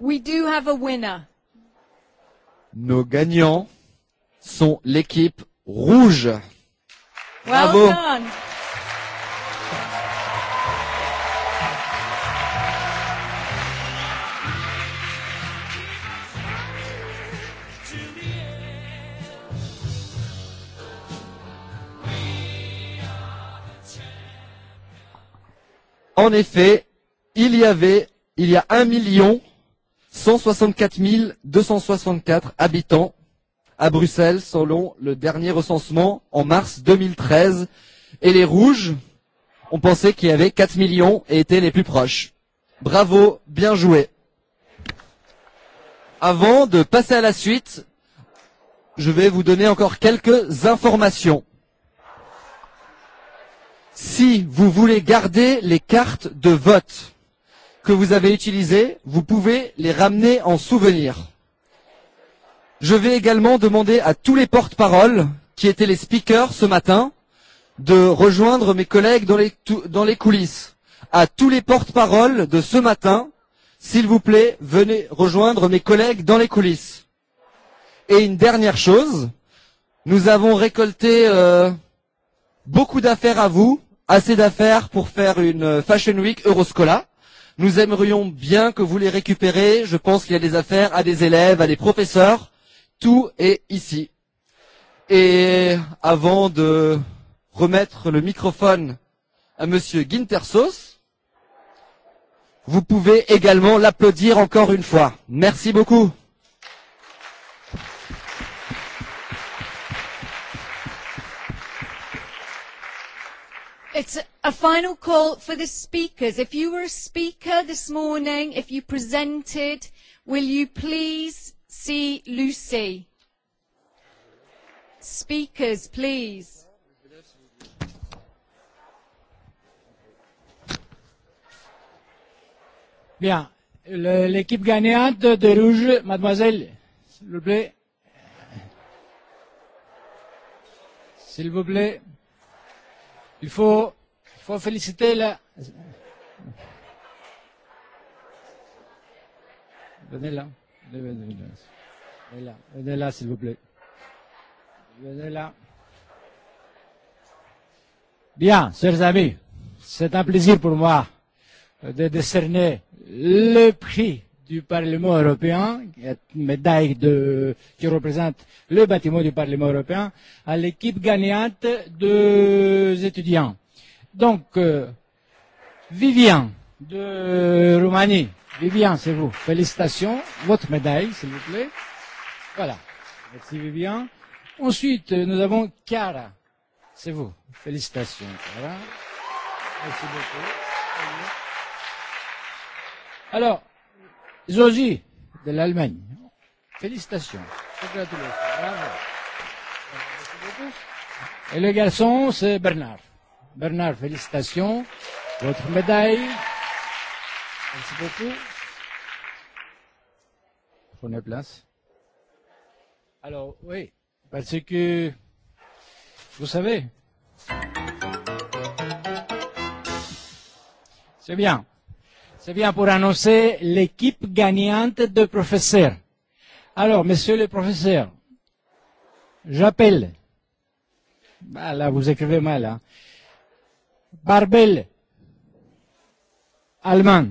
We do have a winner. Nos gagnants sont l'équipe rouge. Bravo. done. En effet, il y avait, il y a un million 164 264 habitants à Bruxelles selon le dernier recensement en mars 2013. Et les Rouges ont pensait qu'il y avait 4 millions et étaient les plus proches. Bravo, bien joué. Avant de passer à la suite, je vais vous donner encore quelques informations. Si vous voulez garder les cartes de vote, que vous avez utilisés, vous pouvez les ramener en souvenir. Je vais également demander à tous les porte-paroles qui étaient les speakers ce matin de rejoindre mes collègues dans les, dans les coulisses. À tous les porte-paroles de ce matin, s'il vous plaît, venez rejoindre mes collègues dans les coulisses. Et une dernière chose, nous avons récolté euh, beaucoup d'affaires à vous, assez d'affaires pour faire une Fashion Week Euroscola. Nous aimerions bien que vous les récupérez. Je pense qu'il y a des affaires à des élèves, à des professeurs. Tout est ici. Et avant de remettre le microphone à Monsieur Gintersos, vous pouvez également l'applaudir encore une fois. Merci beaucoup. It's a final call for the speakers. If you were a speaker this morning, if you presented, will you please see Lucy? Speakers, please. Bien. L'équipe gagnante de rouge, mademoiselle, s'il vous plaît. S'il vous plaît. Il faut, faut féliciter la... là. Venez là. Venez là, venez là s'il vous plaît. Venez là. Bien, chers amis, c'est un plaisir pour moi de décerner le prix du Parlement européen, médaille de, qui représente le bâtiment du Parlement européen, à l'équipe gagnante des étudiants. Donc, Vivian de Roumanie. Vivian, c'est vous. Félicitations. Votre médaille, s'il vous plaît. Voilà. Merci, Vivian. Ensuite, nous avons Chiara. C'est vous. Félicitations, Chiara. Merci beaucoup. Alors, Zosi de l'Allemagne. Félicitations. Bravo. Et le garçon, c'est Bernard. Bernard, félicitations. Votre médaille. Merci beaucoup. Prenez place. Alors, oui, parce que, vous savez, c'est bien. C'est bien pour annoncer l'équipe gagnante de professeurs. Alors, messieurs les professeurs, j'appelle. Bah, là, vous écrivez mal. Hein. Barbel, allemand.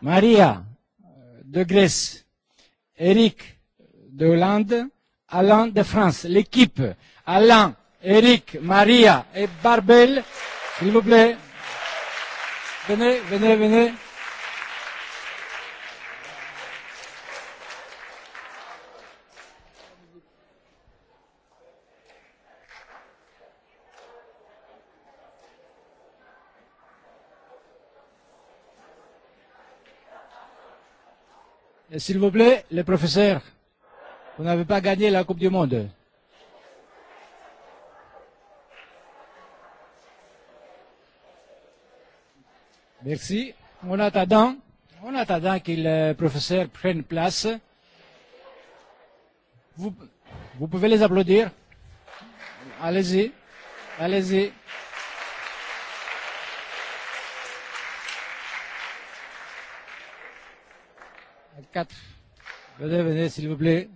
Maria, de Grèce. Eric, de Hollande. Alain, de France. L'équipe, Alain, Eric, Maria et Barbel, s'il vous plaît. Venez, venez, venez. S'il vous plaît, les professeurs, vous n'avez pas gagné la Coupe du Monde. Merci. En attendant, en attendant que le professeur prenne place, vous, vous pouvez les applaudir. Allez-y, allez-y. Quatre. Venez, venez, s'il vous plaît.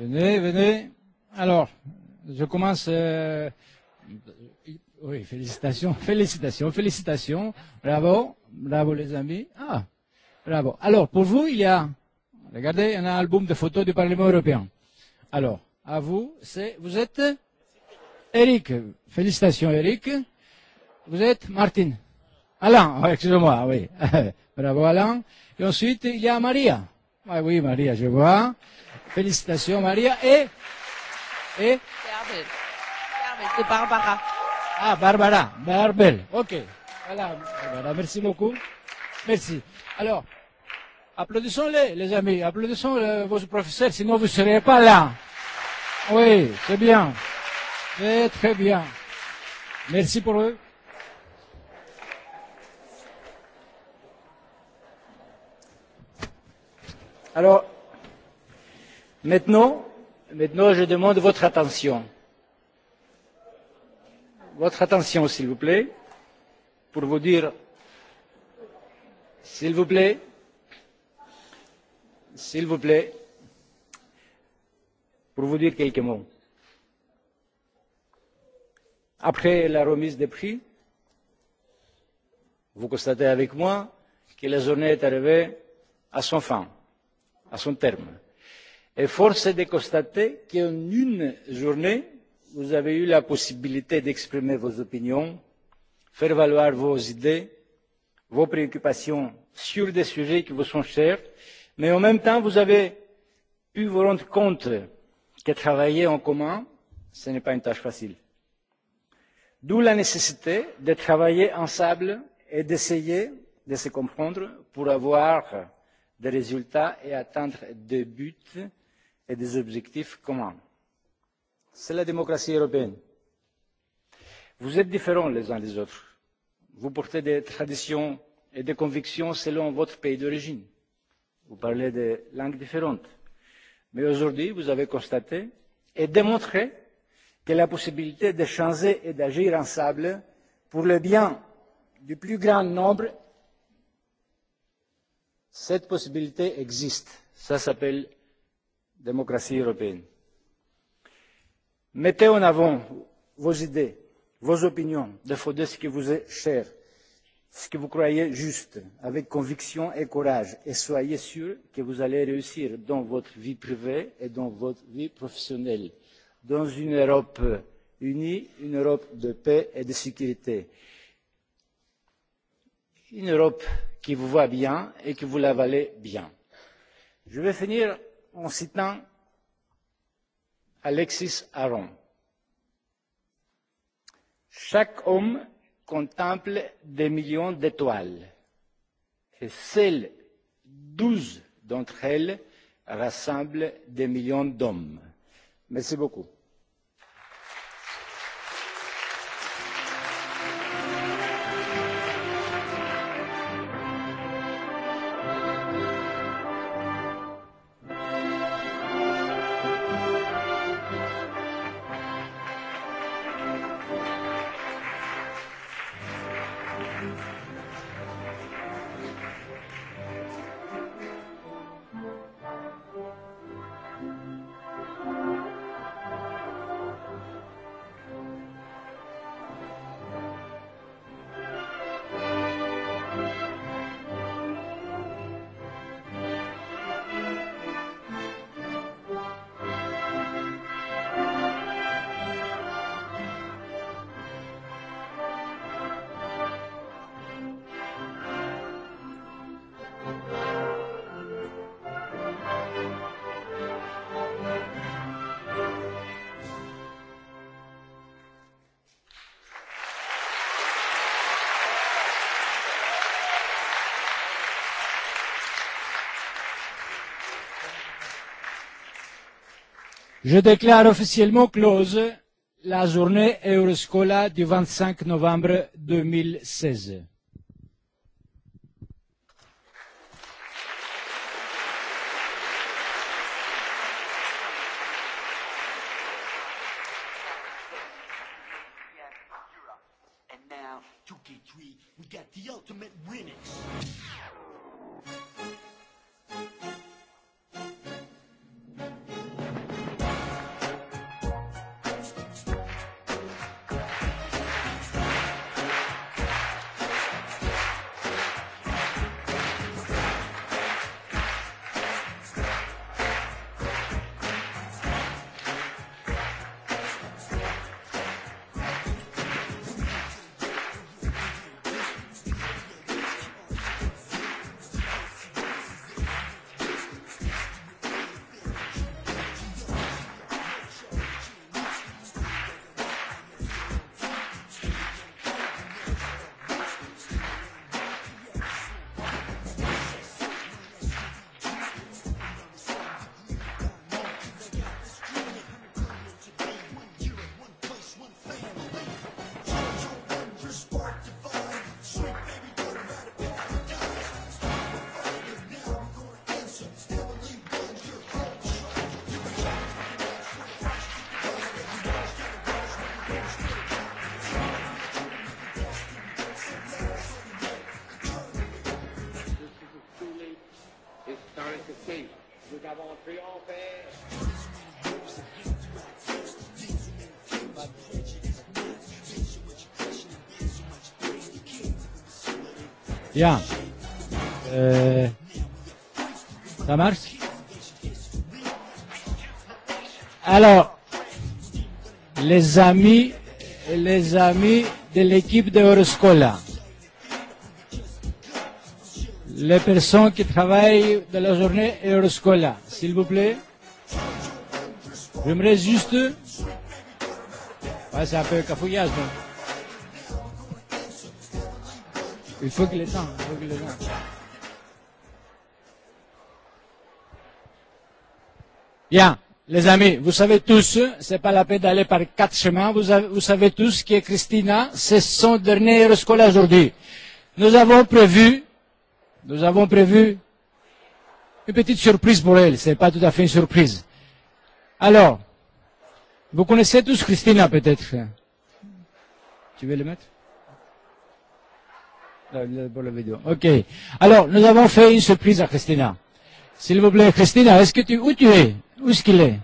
Venez, venez. Alors, je commence. Euh, Oui, félicitations, félicitations, félicitations. Bravo, bravo les amis. Ah, bravo. Alors, pour vous, il y a, regardez, un album de photos du Parlement européen. Alors, à vous, c'est, vous êtes Eric. Félicitations, Eric. Vous êtes Martin. Alain, excusez-moi, oui. Bravo, Alain. Et ensuite, il y a Maria. Ah oui, Maria, je vois. Félicitations, Maria. Et, et, de Barbara. Ah, Barbara, Barbel, ok. Voilà, Barbara, merci beaucoup. Merci. Alors, applaudissons-les, les amis, applaudissons euh, vos professeurs, sinon vous ne serez pas là. Oui, c'est bien. Très, très bien. Merci pour eux. Alors, maintenant, maintenant, je demande votre attention votre attention s'il vous plaît pour vous dire s'il vous plaît s'il vous plaît pour vous dire quelques mots. Après la remise des prix, vous constatez avec moi que la journée est arrivée à son fin, à son terme. Et force est de constater qu'en une journée, vous avez eu la possibilité d'exprimer vos opinions, faire valoir vos idées, vos préoccupations sur des sujets qui vous sont chers, mais en même temps, vous avez pu vous rendre compte que travailler en commun, ce n'est pas une tâche facile. D'où la nécessité de travailler ensemble et d'essayer de se comprendre pour avoir des résultats et atteindre des buts et des objectifs communs. C'est la démocratie européenne. Vous êtes différents les uns des autres. Vous portez des traditions et des convictions selon votre pays d'origine. Vous parlez des langues différentes. Mais aujourd'hui, vous avez constaté et démontré que la possibilité de changer et d'agir ensemble pour le bien du plus grand nombre, cette possibilité existe. Ça s'appelle démocratie européenne. Mettez en avant vos idées, vos opinions, défendez ce qui vous est cher, ce que vous croyez juste, avec conviction et courage, et soyez sûrs que vous allez réussir dans votre vie privée et dans votre vie professionnelle, dans une Europe unie, une Europe de paix et de sécurité, une Europe qui vous voit bien et qui vous la valez bien. Je vais finir en citant Alexis Aron. Chaque homme contemple des millions d'étoiles et seules douze d'entre elles rassemblent des millions d'hommes. Merci beaucoup. Je déclare officiellement close la journée Euroscola du 25 novembre 2016. Ja. ça marche Alors, les amis, les amis de l'équipe de Euroscola, les personnes qui travaillent de la journée Euroscola, s'il vous plaît, j'aimerais juste... Ouais, c'est un peu cafouillage, Il faut qu'il les gens, il faut qu'il les Bien, les amis, vous savez tous, c'est pas la peine d'aller par quatre chemins, vous, vous savez tous que Christina, c'est son dernier Euroscola aujourd'hui. Nous avons prévu, nous avons prévu une petite surprise pour elle, c'est pas tout à fait une surprise. Alors, vous connaissez tous Christina peut-être. Tu veux le mettre pour la vidéo. Ok. Alors, nous avons fait une surprise à Christina. S'il vous plaît, Christina, est-ce que tu, où tu es? Où est-ce qu'il est?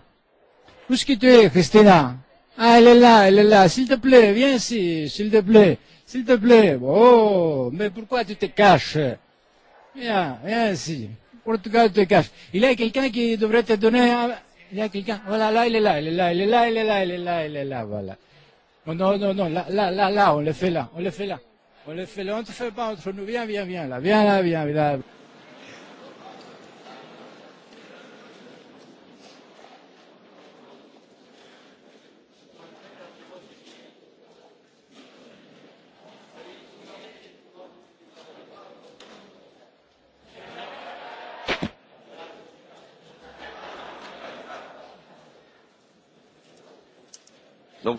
Où est-ce que tu es, Christina? Ah, elle est là, elle est là. S'il te plaît, viens ici, s'il te plaît. S'il te plaît. Oh, mais pourquoi tu te caches? Viens, viens ici. Pourquoi tu te caches? Il y a quelqu'un qui devrait te donner un... Il y a quelqu'un. Voilà, là, il est là, il est là, il est là, il est là, il est là, il est là, voilà. Non, non, non, là, là, là, là, on le fait là, on le fait là. On le fait, on te fait pas entre nous. Viens, viens, viens là. Viens là, viens là. Donc,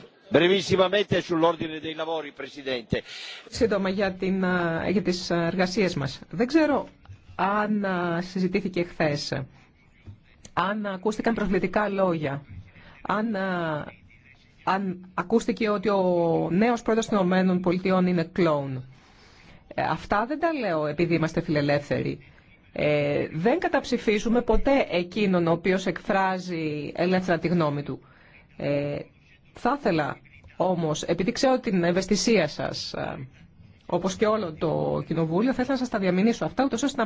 Σύντομα για, την, ε, για τις εργασίες μας. Δεν ξέρω αν ε, συζητήθηκε χθε, αν ακούστηκαν προσβλητικά λόγια, ε, αν, ακούστηκε ότι ο νέος πρόεδρος των Ηνωμένων Πολιτειών είναι κλόουν. Αυτά δεν τα λέω επειδή είμαστε φιλελεύθεροι. δεν καταψηφίζουμε ποτέ εκείνον ο οποίος εκφράζει ελεύθερα τη γνώμη του. Θα ήθελα όμως, επειδή ξέρω την ευαισθησία σας, ε, όπως και όλο το κοινοβούλιο, θα ήθελα να σας τα διαμηνήσω αυτά, ούτως ώστε να